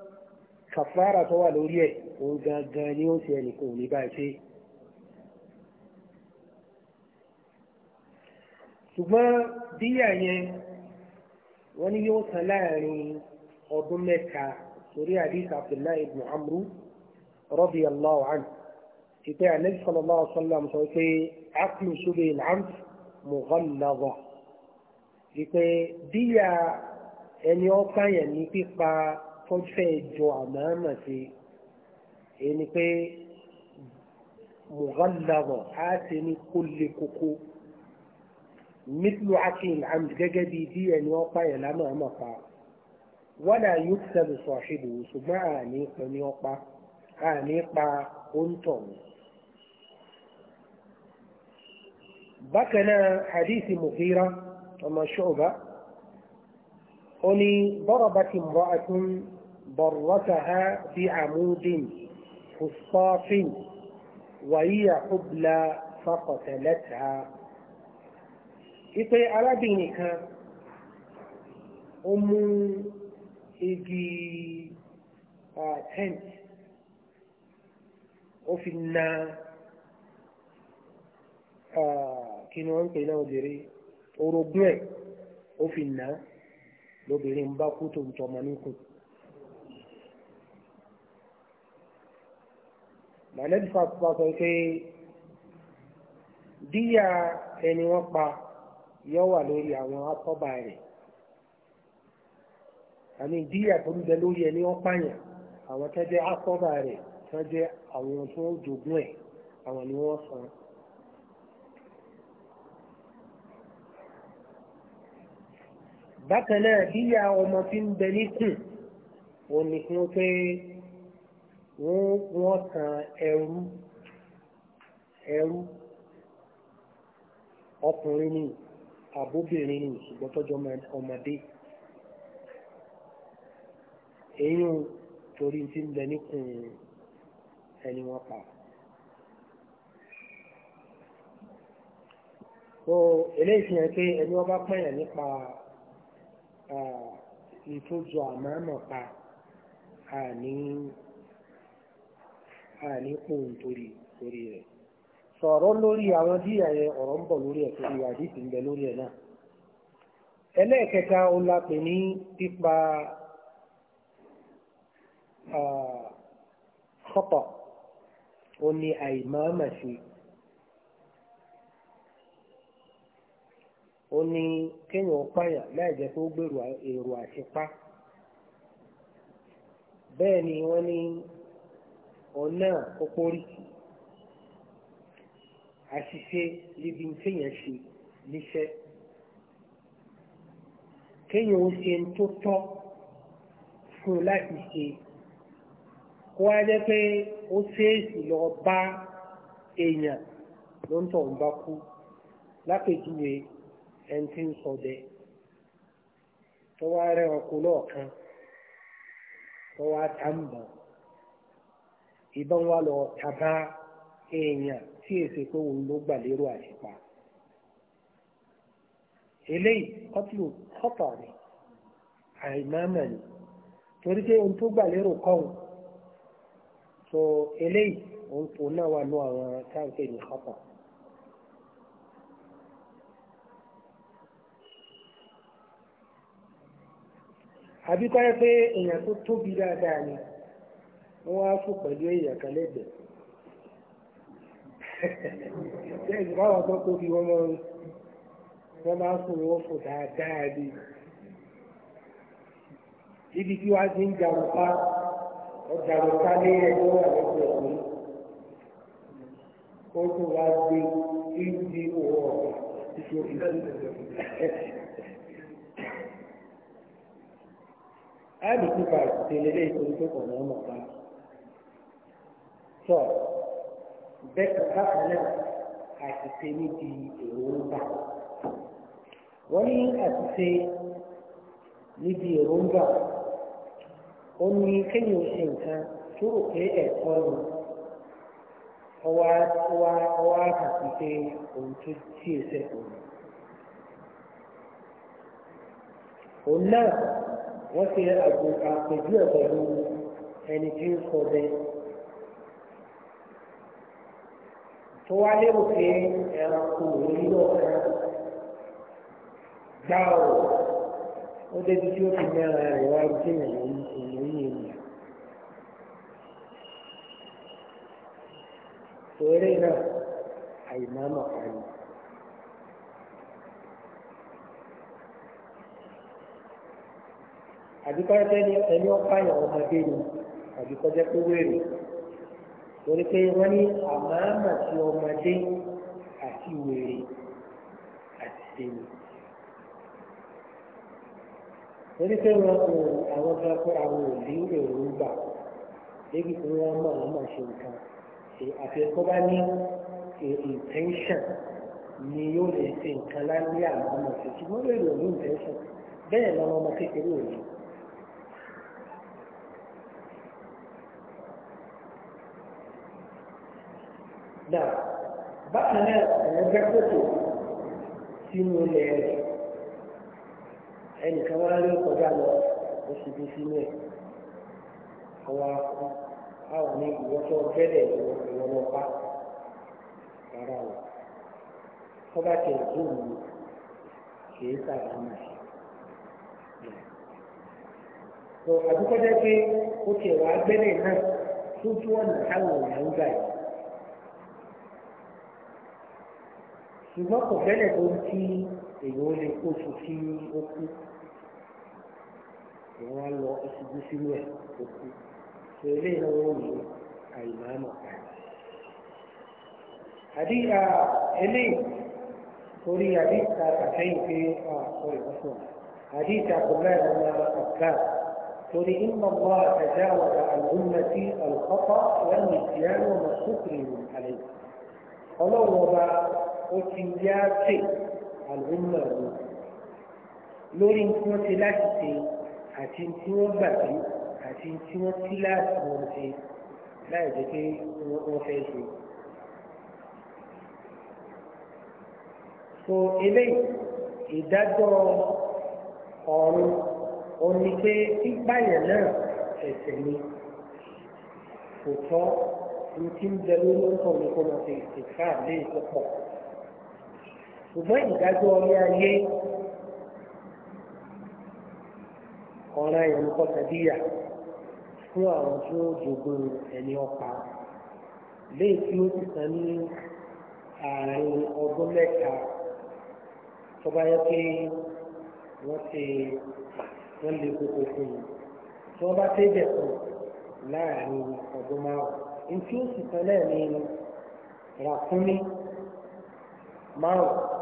A: kàfàrà tó wà lórí ẹ̀ òun gangan ni ó ti ẹnìkan ò ní báyìí ṣe. ṣùgbọ́n díyà yẹn wọ́n ní yóò san láàrin ọdún mẹ́ta sórí àdìsí Abdullahi ibn Amru radiyallahu anhu ìpè ànábì sallallahu alaihi wasallam sọ pé aklu shubhi al-amd ìpè díyà ẹni ọ̀pá yẹn ní pípa tó fẹ́ jọ àmàmà sí ẹni pé mùgàlàbọ̀ á ti ní kó le koko mítlu akin amd gẹ́gẹ́ bíi bí ẹni wọ́n pààyàn lámàmà pa wọ́dà yóò tẹ̀lé sọ̀ṣìbò ṣùgbọ́n àní pẹ̀lú ọpa àní pa oúntọ̀wọ̀. bákan náà hadithi mughira ọmọ ṣọ́ọ̀bá ó ní bọ́rọ̀ bá ti mọ́ àtún برتها في عمود خصاف وهي حبلى فقتلتها ipe arábìnrin kan ó mú igi tent ó fi na kí ni wọ́n ń pè náà obìnrin orogún màlẹ́bí fàtúfà sọ pé díyà ẹni wọ́n pa yọ wà lórí àwọn akọ́bà rẹ̀ àmì díyà tó ń bẹ lórí ẹni wọ́n pààyàn àwọn tó jẹ́ akọ́bà rẹ̀ tó jẹ́ àwọn tó jogún ẹ̀ àwọn ni wọ́n san. bákan náà díyà ọmọ tí ń bẹ níkùn òun nìkan pé wọ́n tan ẹrú ẹrú ọkùnrin ni àbóbìnrin ni ṣùgbọ́n tọ́jọ́ ọmọdé èyí torí ti ń bẹ níkùn ẹni wọn pa. so eléyìí fi hàn pé ẹni wọn bá pẹ̀yàn nípa ìtọ́jú àmọ́ àmọ́ pa àní. a ní pòun torí torí rẹ̀ sọ̀rọ̀ lórí àwọn díyà yẹn ọ̀rọ̀ ń bọ̀ lórí ẹ̀ torí àdìsí ń bẹ lórí ẹ̀ náà ẹlẹ́ẹ̀kẹta ó la pè ní pípa kọ́pọ̀ ó ní àìmáàmà o ní kéèyàn pààyàn láì jẹ́ pé ó gbèrò èrò òun náà ó póríkì àṣìṣe níbi téèyàn ṣe níṣẹ́ kéèyàn ó ṣe tó tọ́ fún un láti ṣe kó wá jẹ́ pé ó ṣèèṣì lọ bá èèyàn ló ń tọ̀ ń bá kú lápèjúwe ẹni tí ń ṣọdẹ tó wá rẹ ọkùnrin náà kan tó wá tá ń bọ̀ ìbọn wa lọ tàbá èèyàn tí èsì pé òun ló gbà àṣìpa eléyìí kọ́tìlù kọ́tọ̀ ni àìmọ́mọ́ ni torí pé ohun tó gbà lérò so eléyìí òun náà wà ní àwọn táǹkì ní kọ́tọ̀. àbíkọ́ yẹ pé èèyàn tó tóbi dáadáa ni. wọ́n á fò pẹ̀lú èèyàn kan lẹ́gbẹ̀ẹ́. Bẹ́ẹ̀ni báwọn tó tóbi wọ́n mọ́ wọ́n máa ń fò wọ́n fò dáadáa bí. Ibi tí wọ́n á ti ń ní ẹgbẹ́ lọ́sẹ̀ Ó tún wá gbé òwò tọ̀ bẹ́ẹ̀ bákan náà àṣìṣe níbi èròǹgbà wọ́n ní àṣìṣe níbi èròǹgbà ó ní kéèyàn ṣe nǹkan tó rò pé ẹ̀kọ́ ni ọwá ọwá ọwá àṣìṣe ohun tó tí èsẹ̀ kò ní. òun náà wọ́n ṣe àpèjú ẹ̀ pẹ̀lú ẹni tí ń kọ bẹ́ẹ̀. tó wá lérò pé ẹranko onílò kan gbá ọ̀ ó débi tí ó fi mẹ́ra rẹ̀ wá jìnà ìlú yìí náà ẹgbẹ́ ni ẹni ọ̀pá ọmọdé ni torí pé wọ́n ní àmàmà tí ọmọdé àti wèrè àti sèmi. torí pé wọn kò àwọn tó kó àwọn òbí èrò gbà débi tí wọ́n mọ̀ wọ́n mọ̀ ṣe nǹkan àfi ẹ̀kọ́ bá ní intention ni yóò lè ṣe nǹkan láńlé àmàmà tó ṣùgbọ́n lè lò ní intention bẹ́ẹ̀ ni. ọmọ kékeré òní. bákan náà ẹ̀yẹ́ fẹ́ kókò sínú ilẹ̀ rẹ̀ ẹnìkan wá kọjá lọ oṣù tó sínú ẹ̀ ọwọ́ akú àwọn ní ìwọ́sọ bẹ́ẹ̀ ìwọ lọ pa rárá o kọ́ba tẹ̀ góòlù kìí sábà máa ṣe. àdúgbò jẹ́ pé ó tiẹ̀ wá gbẹ́lẹ̀ náà tó tún ọ̀nà táwọn ń gbà yìí. ṣùgbọ́n kò bẹ́lẹ̀ tó ń tí èyí ó lè kóṣù tí ó kú ìwọ́n á lọ ìṣubú sínú ẹ̀ tó kú ṣe eléyìí náà wọ́n mú àìmáàmọ̀ àdí eléyìí torí àdí ta àtẹ̀yìn pé ọ̀sọ̀ ìwọ́sọ̀ àdí ta kò láì lọ́wọ́ ọ̀gá torí ìmọ̀ mọ́ àtẹ̀jáwọ̀ àlùmọ̀ sí àlùkọ́kọ́ wọ́n ní ìyá sókè ìrìn àlẹ́ ọlọ́wọ́ bá ó ti yá pè àlùmọ̀ rẹ̀ lórí tí wọ́n ti láti ṣe àti tí wọ́n gbàgbé àti tí wọ́n ti láti wọ́n ṣe láì jẹ́ pé wọ́n fẹ́ ṣe. so eléyìí ìdájọ́ ọ̀run òun ni pé pípààyàn náà ẹ̀ṣẹ̀ ni kò tọ́ ní tí ń bẹ lórí ọ̀sán ní kó lọ sí ìfà lé ìtọ́pọ̀ ṣùgbọ́n ìdájọ́ ọlé ayé ọ̀ràn ìrúkọ tàbíyà fún àwọn tí ó jogún ẹni ọ̀pá léyìí tí ó ti sàn ní ààrin ọdún mẹ́ta tó bá yẹ pé wọ́n ṣe wọ́n lè kókó fún mi tí wọ́n bá tẹ́jẹ̀ fún láàrin ọdún márùn-ún ntí ó sì sàn náà ní ràkúnmí márùn-ún.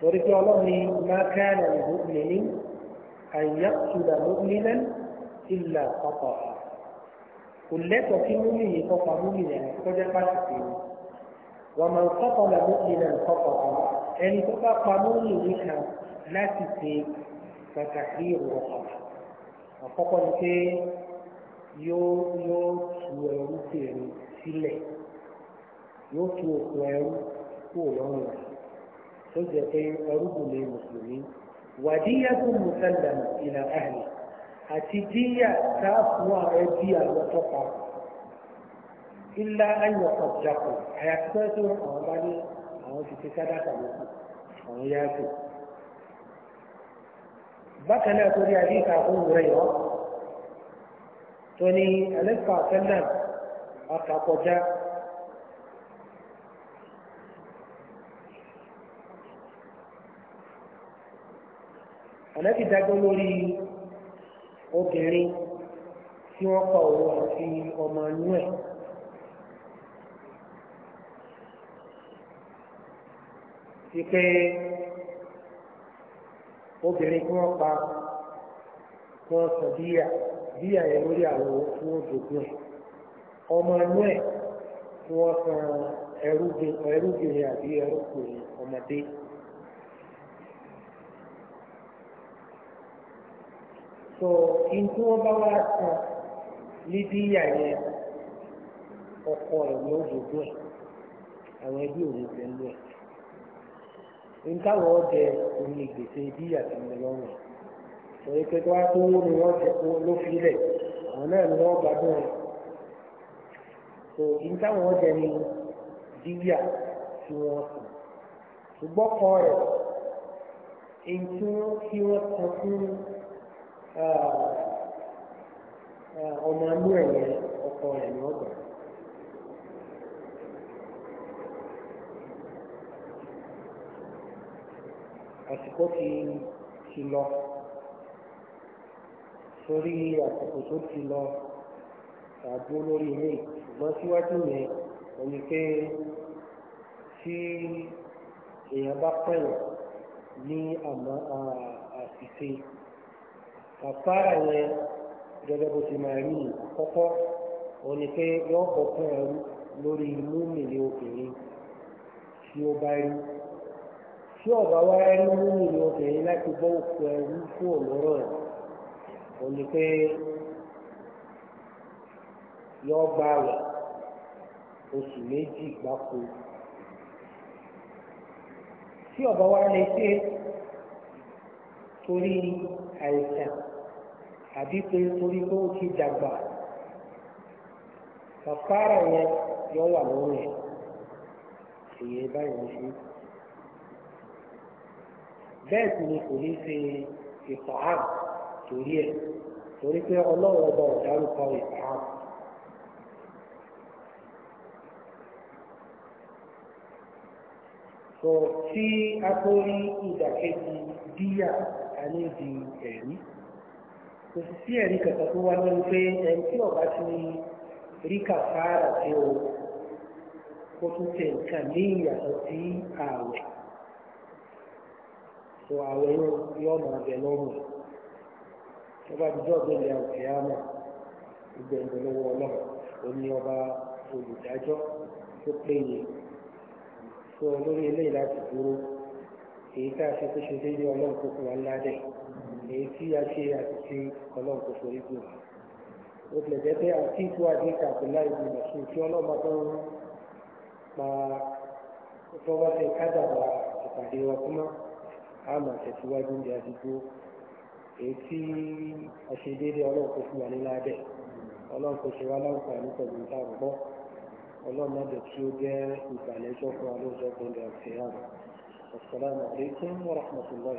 A: torí pé ọlọ́run ni máa ká nàlẹ́ mọ́mìnì ní àyàkùnà mọ́mìnà ìlà pápá kò lẹ́tọ̀ọ́ kí mọ́mìnì kọ́pa mọ́mìnì kọjá pàṣípè ni wọ́n máa kọ́pa là mọ́mìnì kọ́pa ọ̀hún ẹni tó bá pa mọ́mìnì kan láti ṣe pàtàkì ìrọ̀kọ̀ àkọ́kọ́ ni pé yóò yóò tu ẹrú tèrè sílẹ̀ yóò tu òkú ẹrú kúrò lọ́rùn rẹ̀. حجتي ارد للمسلمين وديه مسلمه الى اهله اتجيه كافوا ايديا وتقع الا ان يصدقوا هيكتبوا اوضاني او تتكادك او ياتي بكنا تري ابيك اقول غيره تني الف صلى الله عليه وسلم ànábì dájọ́ lórí obìnrin tí wọ́n pa òun àti ọmọ inú ẹ̀. ti pé obìnrin tí wọ́n pa wọ́n sọ bíyà bíyà yẹn lórí àwọn tí wọ́n jogún ẹ̀ ọmọ inú ẹ̀ tí wọ́n san ẹrúgbìn ẹrúgbìn àbí ẹrúkùnrin ọmọdé. so ntí wọ́n bá wá sàn níbí ìyá yẹn ọkọ ẹ̀ ní òdòdó ẹ̀ àwọn ẹbí òde ti ń lò ẹ̀ ntáwọn ọdẹ òní gbèsè bí ti ń lọ lọ́rùn torí wá tó wó ni wọ́n jẹ kó ló fi lẹ̀ àwọn náà ni wọ́n gbádùn ẹ̀ so ntáwọn ọdẹ ni díyà tí wọ́n sàn ṣùgbọ́n kọ́ rẹ̀ èyí tí wọ́n fi wọ́n sàn fún ọmọ inú ẹ̀ yẹn ọkọ rẹ̀ ní ọgbà. àsìkò ti ti lọ torí àsìkò tó ti lọ tàbí olórí ilé ṣùgbọ́n síwájú yẹn òní pé tí èèyàn bá pẹ̀lú ní àmọ́ àṣìṣe. afara yẹn gẹ́gẹ́ bó ti máa rí kọ́kọ́ òní pé yọ ọkọ̀ fún ẹrú lórí múmìnì obìnrin tí ọba wa rí múmìnì obìnrin láti bọ́ òkú ẹrú fún òmùrọ̀ ẹ̀ òní pé yọ gbà rẹ̀ oṣù méjì gbáko tí ọba wa lè ṣe torí àìsàn. àbí pé torí pé ó ti dàgbà kàfàrà yẹn yọ wà lórí ẹ̀ èyí báyìí ṣe bẹ́ẹ̀ sì ni kò ní ṣe ìfàhàn torí ẹ̀ torí pé ọlọ́run ọba ọ̀dárúkọ ìfàhàn. sọ tí a ìdàkejì díyà a ẹ̀rí kò sì sí ẹ̀rí kankan tó wá nínú pé ẹni tí ọba ti rí kàfàrà tí o kó tún ṣe nǹkan ní ìyàtọ̀ sí ààwẹ̀ tó ààwẹ̀ yóò máa bẹ̀ lọ́rùn tó bá ti dọ́ọ̀gbẹ́ ilẹ̀ àwùjọ àmà ìgbẹ̀ǹgbẹ̀ lọ́wọ́ ọlọ́run ó ní ọba olùdájọ́ tó péye tó lórí eléyìí láti dúró èyí tá a ṣe tó ṣe déédéé ọlọ́run tó fún wa ńlá dẹ̀. èyí tí a ṣe àtìṣe ọlọ́run kò ó tilẹ̀ jẹ́ pé àti ìlú tí ọlọ́run tó ń pa ìpàdé wa kúmọ́ a máa tẹ̀síwájú ní àdúgbò èyí tí a ṣe déédéé ọlọ́run kò fún wa ní ládẹ́ ọlọ́run kò ṣe wá láǹfààní pẹ̀lú ìta àbúgbọ́ ọlọ́run má jẹ́ kí ó jẹ́ ìbàlẹ́jọ́ fún wa àti ìyá rẹ̀ السلام عليكم الله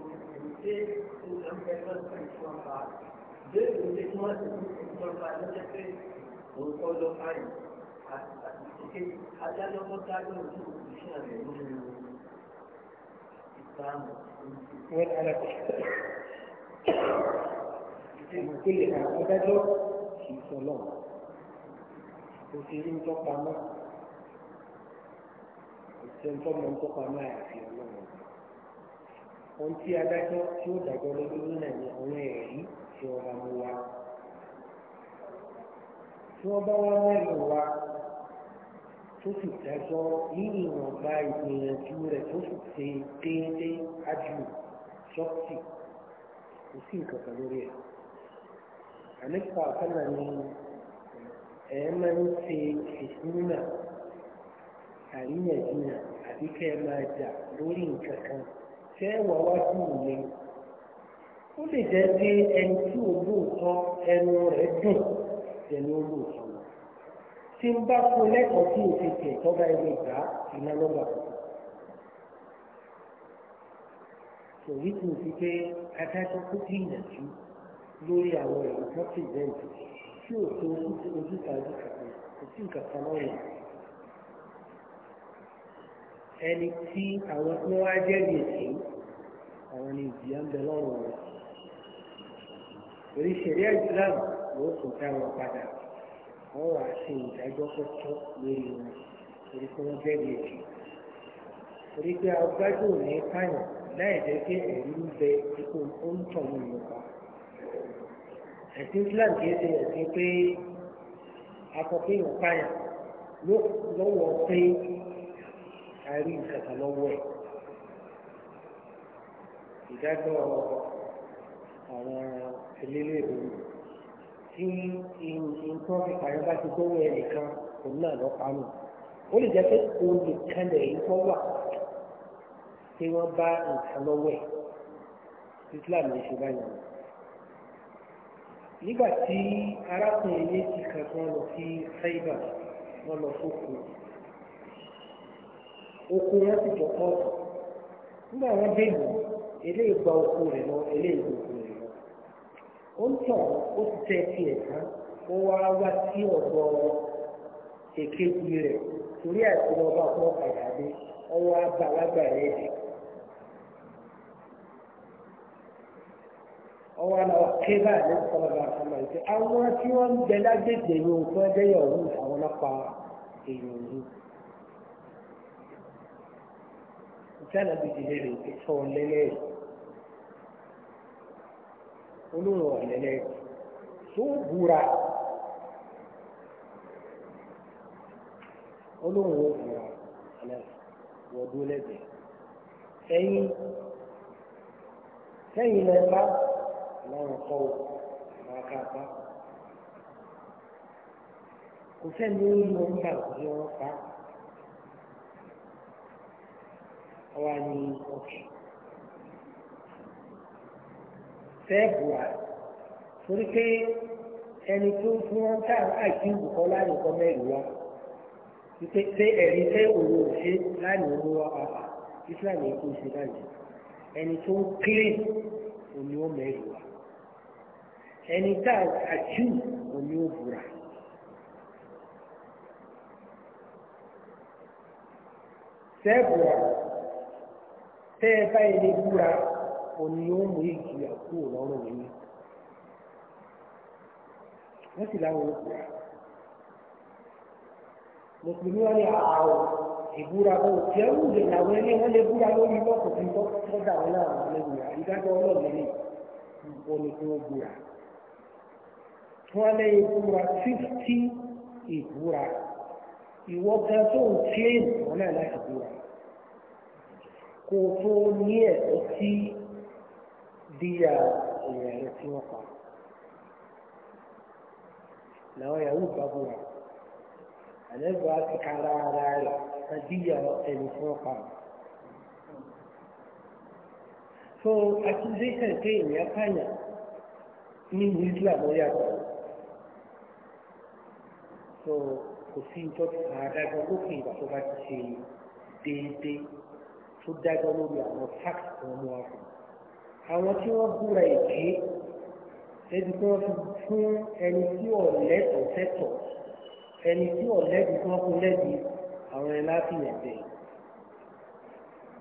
A: ṣé ìjọba ẹgbẹ́ tó ń fún ọba bẹ́ẹ̀ ló ṣe kí wọ́n ti fún ìjọba lọ́jọ́ pé òun kọ́ lọ fáyì àti ṣèké adájọ́ kọ́ dájọ́ ojú ìṣẹ́ rẹ̀ nínú ìsìlámù. wọ́n ara òṣèré ń tọ́pa náà ń tọ́pa náà àti ọlọ́run ohun tí adájọ́ tí ó dàgbọ́ lórí nínú ní àwọn ẹ̀rí tí wọ́n bá mú wa. tí wọ́n bá wá mẹ́rin wa tó sì dájọ́ ní ìwọ̀nba ìgbìyànjú rẹ̀ tó sì ṣe déédéé ájú ṣọ́ọ̀tì kò sí nǹkan kan lórí ẹ̀. àníkà kánà ni ẹ̀ máa ń ṣe ìsúná àríyànjiyàn àbí máa jà lórí nǹkan kan tẹ́wà wá sí ìwé
B: ó lè jẹ́ pé
A: ẹni tí olóòótọ́ ẹnu rẹ̀ dùn ẹnu olóòótọ́ lọ tí ń bá fún lẹ́kọ̀ọ́ tí o ti tẹ̀ tọ́ba ẹni ìgbà iná lọ́gbà òbí tó ti pé adájọ́ tó ti yànjú lórí àwọn ẹ̀rọ tó ti dẹ́ǹtì tí ò tó ojú tàbí kàkà kò sí nǹkan kan lọ́wọ́ ẹni tí àwọn tí wọ́n á jẹ́rìí èsì àwọn ni ìjìyà ń bẹ lọ́rùn rẹ̀ torí ṣẹ̀ríà Islam ló tún dá wọn padà wọ́n wà ṣe ìdájọ́ pẹ́tọ́ lórí wọn torí pé wọ́n jẹ́ ìrètí torí pé agbájú ò ní pààyàn láì jẹ́ pé ẹ̀rí ń bẹ ipò ó ń tọ̀ wọn lọ pa ẹ̀sìn Islam kìí ṣe ẹ̀sìn pé akọ̀pẹ́ ìwọ̀n lọ́wọ́ pé àrí ìkàtà lọ́wọ́ ẹ̀. ìdájọ́ àwọn eléré ìlú tí nǹkan ìpààyàn bá ti gbówó ẹnìkan òun náà lọ pa nù ó lè jẹ́ pé òun lè yí tó wà tí wọ́n bá nǹkan lọ́wọ́ ẹ̀ Islam ní ṣe báyìí nígbà tí arákùnrin méjì kan lọ sí fáìbà wọn lọ sóko oko wọn sì jọ pọ̀ nígbà wọn dé ìlú ele gba oko rẹ̀ lọ eléyìí gba oko rẹ̀ lọ. ó ń tàn ó ti tẹ tiẹ̀ tán ó wá wá sí ọ̀dọ̀ èkejì rẹ̀ torí àti ọba fún ọ̀kadà ọwọ́ abàlágbà rẹ̀ dẹ̀. ọwọ́ aláwọ̀ ké báyìí ló ń sọ ọba àwọn tí wọ́n ń bẹ lágbègbè ní òkú ẹgbẹ́ yọ̀ọ̀hún àwọn èèyàn olóòrùn ọ̀nẹ́lẹ́ tó búra olóòrùn ó búra wọ́dún lẹ́gbẹ̀ẹ́ ẹ̀yin sẹ́yìn lẹ́ẹ̀bá láwọn kọ́ ọ na ká bá kò sẹ́ni ó lọ ń fẹ́ bùrà torí pé ẹni tó fún wọn ká àìsí ìbùkọ́ láàrin kan mẹ́rin wá ṣe ẹ̀rí fẹ́ òun ò ṣe láàrin òun wá pàpà Islam yẹn kò ṣe láàrin ẹni tó ń kílè òun ó mẹ́rin wá ẹni tá àjù òun ó bùrà. sẹ́ẹ̀bùrà tẹ́ ẹ báyìí lè búra. òní ó mú ìjìyà kúrò lọ́rùn yìí wọ́n sì láwọn òkú mùsùlùmí wọn ni àwọn ìbúra bọ́ òkè ẹ̀rù lè làwọn ẹni wọn lè búra lórí lọ́kọ̀ tí wọ́n dà wọn láwọn ọmọlẹ́wọ̀n yà ìdájọ́ ọlọ́ọ̀lẹ́lẹ̀ wọn ni kí wọ́n búra wọn lè búra fífítì ìbúra ìwọ gan tó ń tiẹ̀ wọn náà láti búra kò tó ní díyà ìrìn tí wọ́n pa làwọn yahoo bá búra àlẹ́gbà ti kára ara rẹ̀ ká díyà ẹni tí wọ́n pa. so accusation pé ènìyàn pààyàn ní islam ó yàtọ̀ so kò sí ìtọ́jú àádájọ́ lókè ìgbà tó bá ti ṣe déédéé tó dájọ́ lórí àwọn fáàkì tó ń mú wa fún un. àwọn tí wọ́n búra èké ẹni tí wọ́n fi fún ẹni tí ọ̀lẹ́tọ̀ sẹ́tọ̀ ẹni tí ọ̀lẹ́bi tí wọ́n fún lẹ́bi àwọn ẹni láti yàn bẹ́ẹ̀.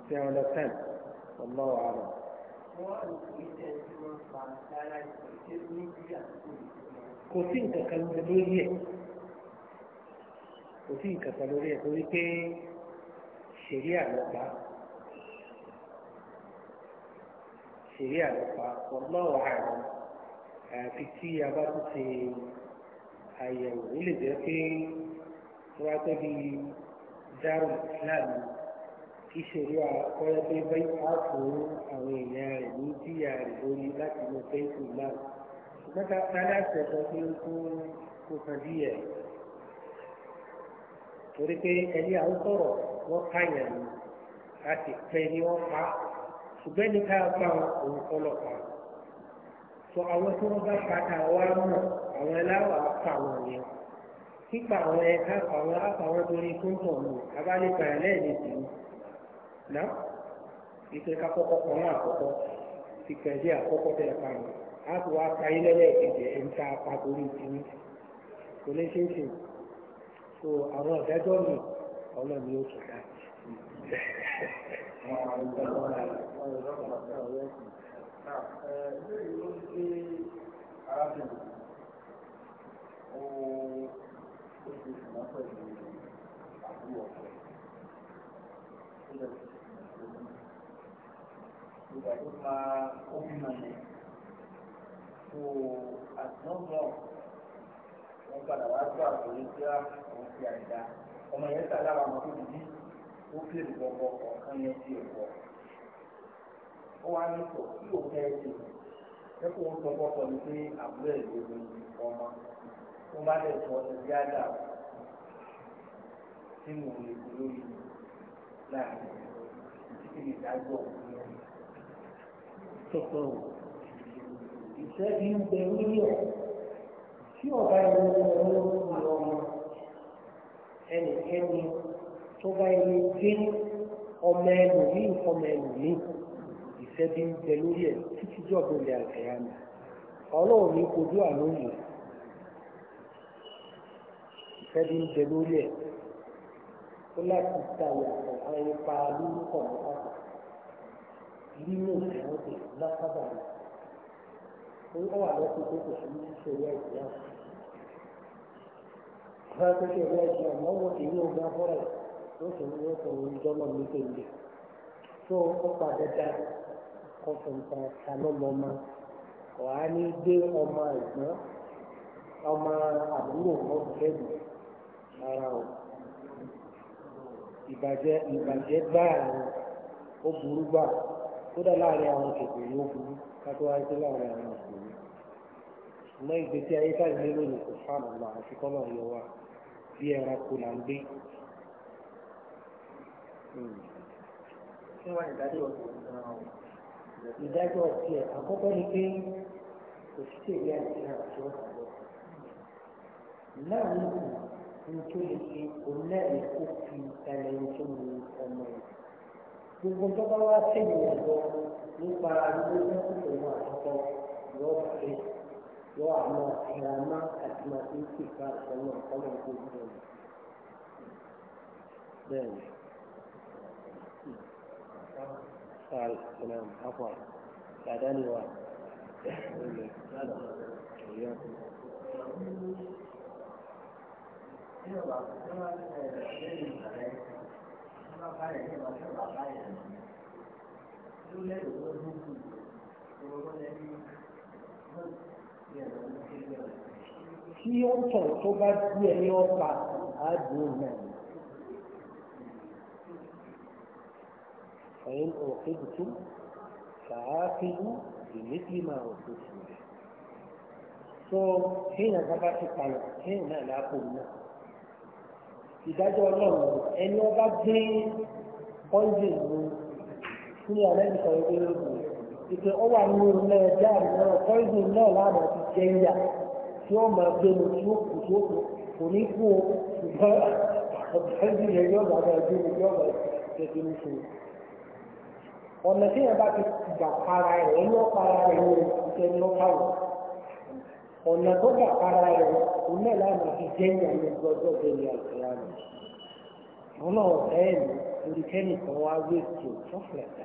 A: ṣé àwọn lọ́tàn ọ̀nà ọ̀hánà. kò sí nǹkan kan lórí ẹ̀ kò sí nǹkan kan lórí ẹ̀ torí pé ṣèlérí àlọ́pàá. ṣeré àlọ́pà ọlọ́wọ́ àrùn àfi tí a bá tún ṣe àyẹ̀wò ó lè jẹ́ pé wọ́n á tó di dárò láàmú kí ṣeré àkọ́yọ́ pé bẹ́ẹ̀ á fún àwọn èèyàn rẹ̀ ní díyà rẹ̀ lórí láti mú bẹ́ẹ̀kù náà ṣùgbọ́n tálẹ́ àṣẹ kan pé kó kó san díyà torí pé ẹni à sọ̀rọ̀ wọ́n káyàn láti pẹ́ ní wọ́n pa á. ṣùgbọ́n ẹni ká pa òun ọlọ́pàá sọ àwọn tí wọ́n bá padà wá mọ̀ àwọn ẹláwà pa wọn yẹn pípa àwọn ẹ̀ka àwọn àpàwọn torí tó ń tọ̀ mọ̀ abálẹ́pà ẹ̀ lẹ́ẹ̀mí sí i a wá ka ilé lẹ́ẹ̀kejì ẹ̀ ń ta apá torí ti ní kò lè ṣe so àwọn ìdájọ́ mi ọlọ́run ìgbà tó fa omi mọ̀lẹ́ tó àtúnbọ̀ wọn padà wá tó ọmọ yẹn sá ọmọ tó ti bí ó gbogbo ọ̀kan yẹn sí ẹ̀kọ́ ó wá ní sọ kí o fẹ́ ṣe ẹ̀kọ́ ń sọ fọ́kọ ni pé àbúrò ẹ̀ ọmọ tó bá lè sọ ọ́ ní yáda tí mo lè fi lórí láàrin títí lè dájọ́ tọ̀tọ̀ ìṣẹ́ bí ń bẹ lórí ọ̀ tí ọ̀gá ẹ̀rọ ọmọ ọmọ ẹnìkẹ́ni tó bá ẹni tí ọmọ ẹlòmíì ọmọ ẹlòmíì ìfẹ́ bí ń bẹ lórí ẹ̀ títí jọ̀bọ̀ ilẹ̀ àgbẹ̀yà mi ọlọ́run ní kojú àlóyè ìfẹ́ bí ń bẹ lórí ẹ̀ ó láti ta ìyàtọ̀ àwọn ipa lórúkọ nípa nínú ìrìnàjò lásábà rẹ̀ orúkọ wà lọ́sọ̀ tó kò sí ìṣòro ẹ̀jẹ̀ náà. Àwọn akẹ́kọ̀ọ́ ẹ̀jẹ̀ náà wọ́n ti rí ọgbà fọ́rẹ̀ wọ́n sì wọ́n sọ òun jọ́ náà ní tèmi tó ó padà dá kó tó ń ta ta ló lọ ma wàá ní gbé ọmọ ẹ̀gbọ́n ọmọ àbúrò ọ̀gbẹ́ mi ara o ìbàjẹ́ ìbàjẹ́ gbáà ni ó burú gbáà kódà láàrin àwọn kèké ló burú kátó wáyé sí láàrin àwọn òṣèlú ṣùgbọ́n ìgbésí ayé táyé lónìí kò fáàmù lọ àti wa bí ẹranko là ń gbé ìdájọ́ ti ẹ̀ àkọ́kọ́ ni pé kò sí tèmi àti àjọ àbọ̀ láàrin ohun tó lè ṣe òun náà ní kó fi ìtàlẹ̀ ohun tó mú ọmọ rẹ̀ gbogbo tó bá wá sẹ́yìn ẹ̀dọ́ nípa arúgbó tó kù pẹ̀lú àkọ́kọ́ yóò fẹ́ yóò àmọ́ ìrànmá àti màtí ń pè fún àtọ́nà
B: ọlọ́run tó gbọ́dọ̀ bẹ́ẹ̀ ni.
A: وعليكم السلام عفوا بعداني و وإياكم tí ó ń tọ̀ tó bá díẹ̀ ní ọ̀pá àádùn náà فإن أوقفتم فعاقبوا بمثل ما أوقفتم به so حين ثبت الطلب حين لا قلنا إذا ọlọ́run ẹni ọba gbé pọ́ńdì mú sílé alẹ́bí sọ wípé ó bù ìpè ó wà nínú ilé ẹja àná pọ́ńdì náà lánàá ti jẹ́ ìyà tí ó máa gbé mu tí ó kù tí ó kù kò ní kú o ṣùgbọ́n pọ́ńdì yẹn yóò bá bá ẹgbẹ́ mi yóò ọ̀nà tí yẹn bá ti gbà para rẹ̀ ẹni ó para rẹ̀ ó ẹni ó káwọ̀ ọ̀nà tó gbà para rẹ̀ ó náà láàmú fi jẹ́yìn àyè gbọ́dọ̀ bẹ̀rẹ̀ àìsàn rẹ̀ wọn náà ọ̀fẹ́ ẹ̀ ní orí kẹ́nì kan wá wé tí o tó fẹ̀ tà.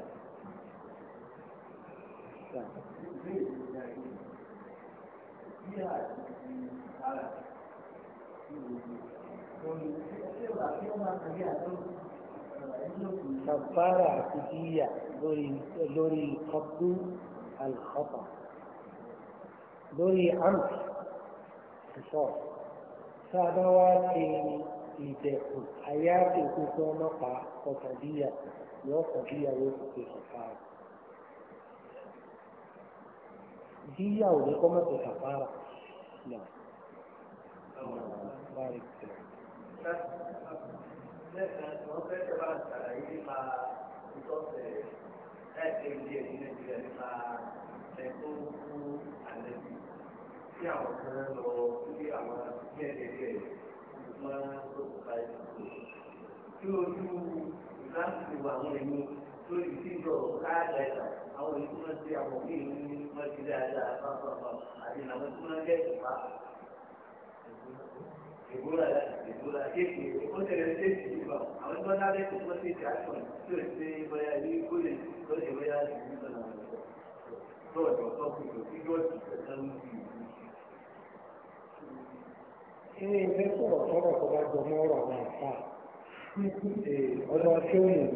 B: Thank you. كفارة
A: عتدية لوري قبض الخطأ لوري أمر حصار سادوات إيديكو حياتي كتو نقع قصدية يوصدية ويوصدية كفارة دي أو دي قمة كفارة لا بارك الله That's lẹ́ẹ̀kan tí wọ́n fẹ́ tẹ́lá ṣàlàyé nípa ìtọ́sẹ̀ ẹ̀ẹ́dẹ̀ ilé ẹ̀dín nàìjíríà nípa ẹ̀kọ́ kú àlẹ́bí tí àwọn kan lọ sí àwọn ẹ̀ẹ́dẹ̀ẹ̀dẹ̀ máa ń lòkùnká ìdìbò. Tí ojú ìlànà àwọn ẹ̀mí lórí ìdíjọ káàdà ẹ̀dà àwọn ìdúná sí àwọn òbí ìlú ní mọ́tí dáadáa fáfáfá àti àwọn ìdúná gẹ̀ẹ́sì pàápàá ìbúra ìbúra kéèké ó tẹ̀lé ṣé ti ìbá àwọn tó dábẹ́ tó tó ṣe ti àìsàn tí ò ṣe bóyá ní gbólè tó ṣe bóyá ní ìbúra tó ọ̀dọ̀ tó kù tó kí
B: gbọ́dọ̀ tó tán ní ìlú.
A: Ṣé ilé sọ̀rọ̀ sọ̀rọ̀ tó bá jọ mọ́ ọ̀rọ̀ àwọn àfa? Ọ̀dọ̀ ṣé ó nìyí?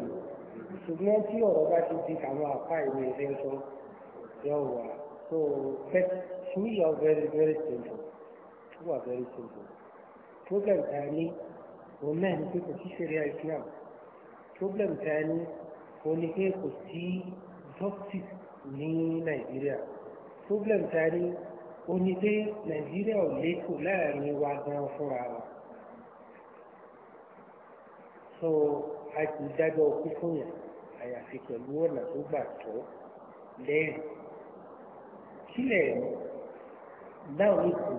A: Ṣùgbọ́n tí ọ̀rọ̀ bá ti di àwọn àfa ìwé ilé sọ, yóò wà. So, but we are very, very simple. We are very simple problem tani òun náà ni pé kò sí ṣẹ̀ríà Islam problem tani òun ni pé kò sí justice ní Nàìjíríà problem tani òun ni pé Nàìjíríà ò létò láàrin wa gan fúnra wa so a kì í dájọ́ òkú fún yàn àyàfi pẹ̀lú ọ̀nà tó gbà tó lẹ́yìn kílẹ̀ náà ní kò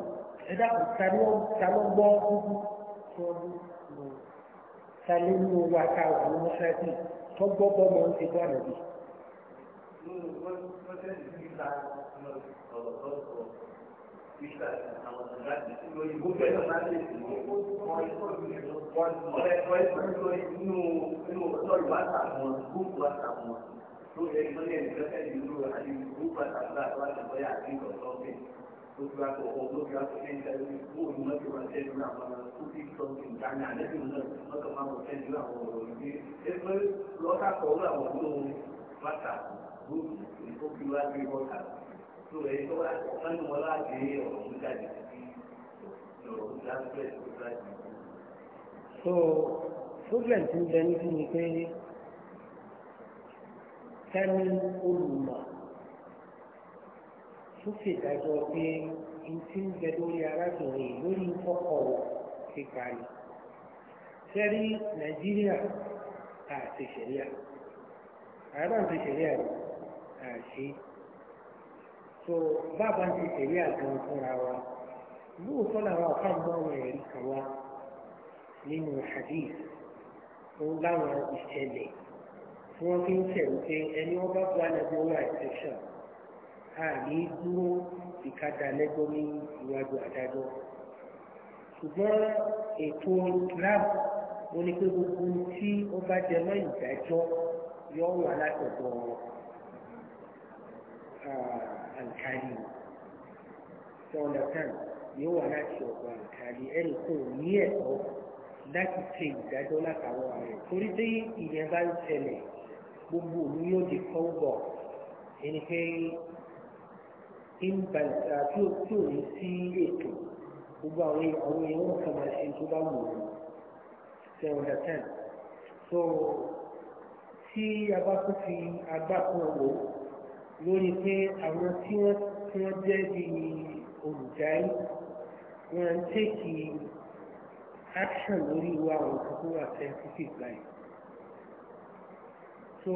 B: ẹ̀dá kò talọ́ gbọ́
A: kúkú tó lò talé ní owó akáwà ní mọ́sáàtì tó gbọ́ bọ́ mọ́ ń ti bọ́ àná bí. Tó
B: yẹ kí wọ́n
A: yẹ nígbà tẹ́lẹ̀ ìlú àti ìlú pàtàkì àti wájú bọ́yá àti ìgbọ̀nsọ́ọ̀bì gbogbo àkọ́kọ́ lórí àtúnṣe ìgbóhùn mọ́tò àti ẹ̀rọ àwọn kúkí sọ́ọ̀tì ìdáná àlẹ́bìnrin náà mọ́tò máa bọ̀ sẹ́yìn so problem ti ń bẹ níbi ni pé kẹ́ni olùmọ̀ tó ṣèdájọ́ pé n ti ń bẹ lórí arábìnrin lórí kọ́kọ́ rẹ̀ ti parí. sẹ́rí nàìjíríà àti ṣẹ̀ríà àbá ń ṣe ṣẹ̀ríà rẹ̀ àṣe. so bàbá ń ṣe ṣẹ̀ríà gan fúnra wa lóòótọ́ làwọn àfáàmọ́ àwọn ẹ̀rí kan wá nínú hadith tó láwọn ìṣẹ̀lẹ̀ tí wọ́n fi ń ṣẹ̀rù pé ẹni wọ́n bá gba ẹ̀bùn owó àìsẹ̀ṣọ̀n àní dúró ìkadà lẹ́jọ́ ní iwájú adájọ́ ṣùgbọ́n ètò Islam wọn ni pé gbogbo tí ó bá jẹ mọ́ ìdájọ́ yóò wà látọ̀dọ̀ àǹkárí jonathan yóò wà láti ọ̀dọ̀ àǹkárí ẹnì kò ní ẹ̀tọ́ láti ṣe ìdájọ́ látàwọn ààrẹ torí pé ìyẹn bá ń ṣẹlẹ̀ gbogbo òun yóò di kọ́ńgọ̀ ẹni pé ìgbà àti òkú òní sí ètò gbogbo àwọn àwọn èèyàn wọn kàn máa ṣe tó bá wù ú ṣe ọ̀dà tán so tí a bá tún fi agbákan wò lórí pé àwọn tí wọ́n tí wọ́n jẹ́ bí olùdarí wọ́n ń tèkì action lórí ìwà àwọn kókó wà báyìí so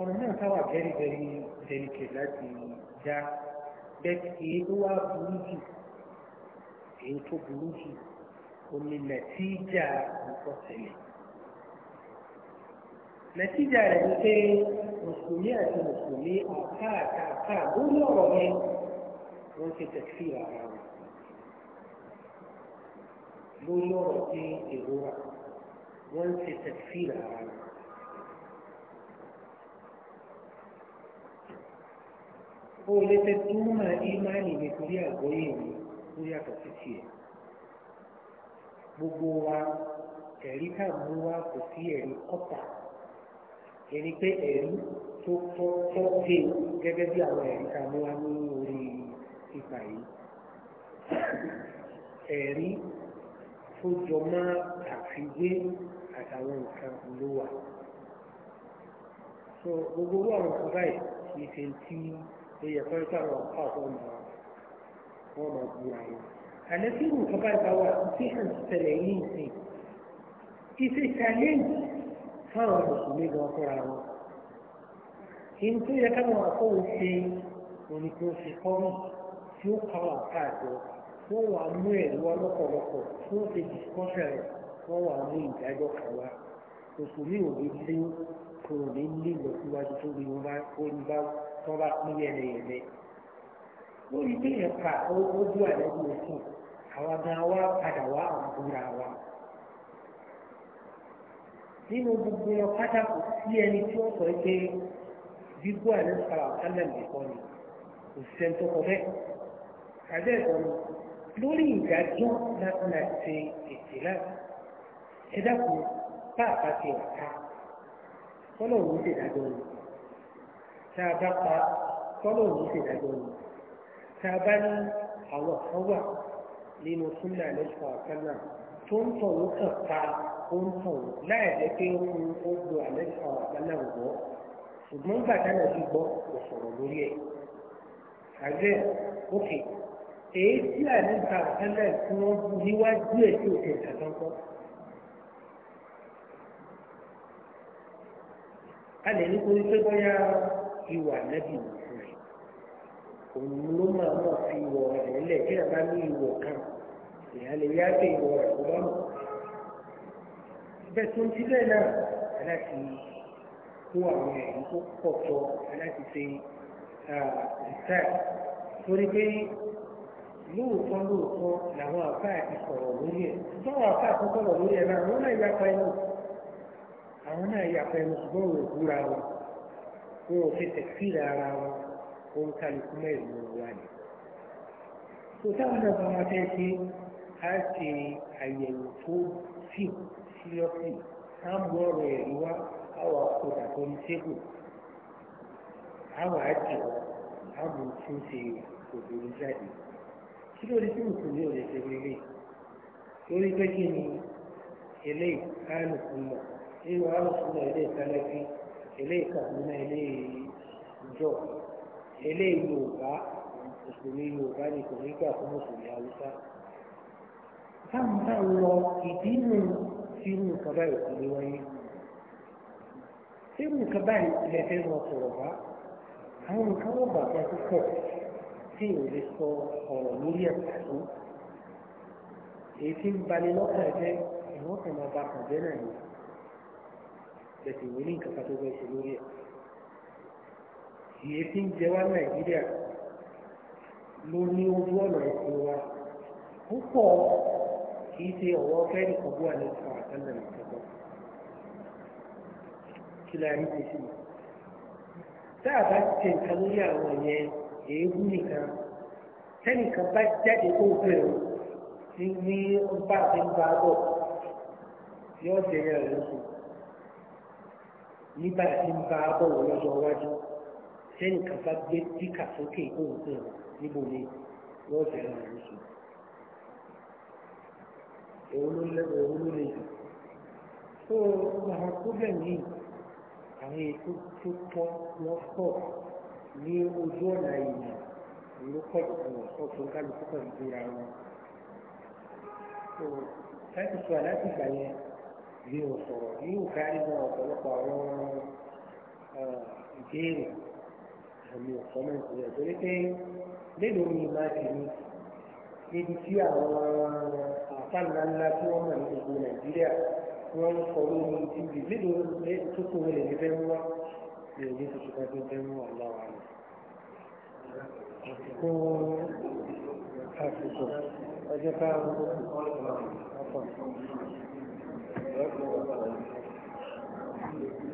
A: ọ̀rọ̀ náà sáwà very very tẹnikẹ láti dá bẹ́ẹ̀ èyí tó wá burú jù èyí tó burú jù omi nàtíjà nǹkan tẹ̀lé nàtíjà rẹ̀ ni pé mùsùlùmí àti mùsùlùmí àkáàkáà lórí ọ̀rọ̀ yẹn wọ́n ti tẹ̀sí ara wọn lórí ọ̀rọ̀ tí èrò wà wọ́n ti tẹ̀sí ara wọn. kó o lè ṣe túmọ̀ ìmáàlì rẹ̀ torí àgbọ́yé rẹ̀ lórí àtọ̀sí tiẹ̀. gbogbo wa ẹ̀rí ká mú wa kò sí ẹ̀rí kọ́ta ẹni pé ẹ̀rí tó tọ́ tọ́ dé gẹ́gẹ́ bí àwọn ẹ̀rí ká mú wa ní orí ìgbà yìí. ẹ̀rí tó jọ mọ́ àfiwé àtàwọn nǹkan ló wà. gbogbo owó àwọn nǹkan báyìí kì í ti èyí ẹ̀fọ́ sáwọn ọ̀pá ọ̀pọ̀ máa wọ́n máa bu ara wọn. àlẹ́ tí ìrù kan bá ń báwa tí à ń tẹ̀lé yìí sí ìṣe challenge fáwọn mùsùlùmí gan fúnra wọn. ìlú tó yẹ káwọn akọ́wò ṣe òní kí wọ́n ṣe kọ́rọ̀ tí ó kọ́ àká àjọ wọ́n wà mú ẹ̀rọ ọlọ́pọ̀lọpọ̀ tí wọ́n ṣe discussion rẹ̀ wọ́n wà mú ìdájọ́ kan wá mùsùlùmí ò ní lé kò ní lé lọ síwájú tó ní wọn bá tí wọ́n bá pín yẹlẹyẹlẹ lórí bí yẹn ka ojú àlejò òfin àwa gan wa padà wá àwọn búra wa nínú gbogbo wọn pátá kò sí ẹni tí wọ́n sọ pé bíbú àlejò sọ̀rọ̀ àkàlẹ̀ nìkan ni kò sí ẹni tó kọ bẹ́ẹ̀ àbẹ́ ẹ̀kọ́ ni lórí ìdájọ́ láti máa ṣe ètè láti ẹ dákun bá àbá ti ọ̀ka kọ́lọ̀ òun ṣèdájọ́ ni tá a bá pa kọ́lọ̀ òun sì dájọ́ ni tá a bá ní àwọn kan wà nínú súnlẹ̀ lẹ́sùn àkànnà tó ń tọ̀ wọ́n kàn pa ó ń tọ̀ wọ́n láì jẹ́ pé ó ń ó gbọ́ àlẹ́sùn àkànnà wọ́ ṣùgbọ́n gbàdánà ti gbọ́ kò sọ̀rọ̀ lórí ẹ̀ àgbẹ̀ òkè èyí tí àlẹ́sùn àkànnà tí wọ́n bu níwájú ẹ̀ tí ò tẹ̀ ṣàtọ́kọ́. a lè ní kó ní pé bóyá fi wà nábì nìkan rẹ̀ òun ló máa mọ̀ fi wọ rẹ̀ lẹ̀ kí àbá ní ìwọ̀ kan ìyá lè yá pé ìwọ̀ rẹ̀ kó bá mọ̀. bẹ́ẹ̀ tó ń ti bẹ́ẹ̀ náà aláti kó àwọn ẹ̀rí tó pọ̀ tọ́ aláti ṣe ìsáì torí pé lóòótọ́ lóòótọ́ làwọn àfáà ti sọ̀rọ̀ lórí ẹ̀ ṣùgbọ́n àwọn àfáà tó sọ̀rọ̀ lórí ẹ̀ náà àwọn náà yà pẹ́ẹ́nu àwọn náà yà pẹ́ẹ́nu ṣùgbọ́n òògùn ra wọn wọn ò fi tẹ̀síra ara wọn òun kálukú mẹ́rin wà ní. kò táwọn náà bá wá fẹ́ ṣe á ṣe àyẹ̀wò tó sì síríọ́sì á mú ọ̀rọ̀ ẹ̀rí wá á wà kó dàgbọ́ ní tébù á wà á jọ á mú tí ń ṣe òbòrò jáde. kí ló dé tí mùsùlùmí ò lè ṣe wọlé lórí pé kí ni eléyìí á lò mọ̀ nínú àlùfáà ilé ìtàlẹ́fíì eléyìí Kaduna eléyìí ìjọ eléyìí Yorùbá òṣèlú Yorùbá ni kò ní gbà fún òṣèlú Haúsá táwọn náà lọ ìdínú sírù nǹkan báyìí kò ní wáyé sírù nǹkan báyìí ilẹ̀ fẹ́ lọ sọ̀rọ̀ bá àwọn nǹkan wọ́n bàbá púpọ̀ tí ò lè sọ ọ̀rọ̀ lórí ẹ̀ka tó èyí tí ń balẹ̀ lọ́kàn ẹ̀jẹ̀ ìwọ́n máa ba kàn jẹ́ náà yìí tẹ̀sí wọ́n ní nǹkan kan tó fẹ́ ṣe lórí ẹ̀. ìyẹn tí ń jẹ wá nàìjíríà ló ní ojú ọ̀nà ẹ̀sìn wa púpọ̀ kì í ṣe ọ̀wọ́ fẹ́ nìkan bú àlẹ́ fún àtàlẹ́ ìjọba. kí la rí tẹ̀sí mi. tá a bá tẹ̀ nǹkan lórí àwọn yẹn èébú nìkan tẹ́nìkan bá jáde tó bẹ̀rù ní ní bá a ti ń bá a bọ̀ yóò jẹ́ yẹn lóṣù nígbà tí ń bá bọ̀wọ̀ lọ́jọ́ iwájú sẹ́yìn kan bá gbé díkà sókè òun fún un níbo ni wọ́n bẹ̀rẹ̀ àwọn oṣù. Òun ló lé òun ló lè jù. Tó àwọn problem yìí àwọn ètò tó tọ́ wọ́n pọ̀ ní ojú ọ̀nà ìyẹn ló pọ̀ ìpọ̀wọ̀ pọ̀ tó ń kálukú pẹ̀lú ìgbéra wọn. Láti sọ aláàtìgbà yẹn bí o sọ̀rọ̀ yóò kárí náà ọ̀pọ̀lọpọ̀ àwọn ìbéèrè àmì ọ̀kọ́mẹ̀ntì rẹ̀ torí pé lélo mi máa ti ní níbi tí àwọn àfáàná ńlá tí wọ́n mọ̀ ní gbogbo nàìjíríà wọ́n ń kọ lórí tíbi lélo tó kó wọlé ní bẹ́ẹ̀ wá ní òní tuntun kan tó bẹ́ẹ̀ wá láwa ni. Àsìkò àsìkò ọjọ́ ká
B: ọkọ̀. Thank you.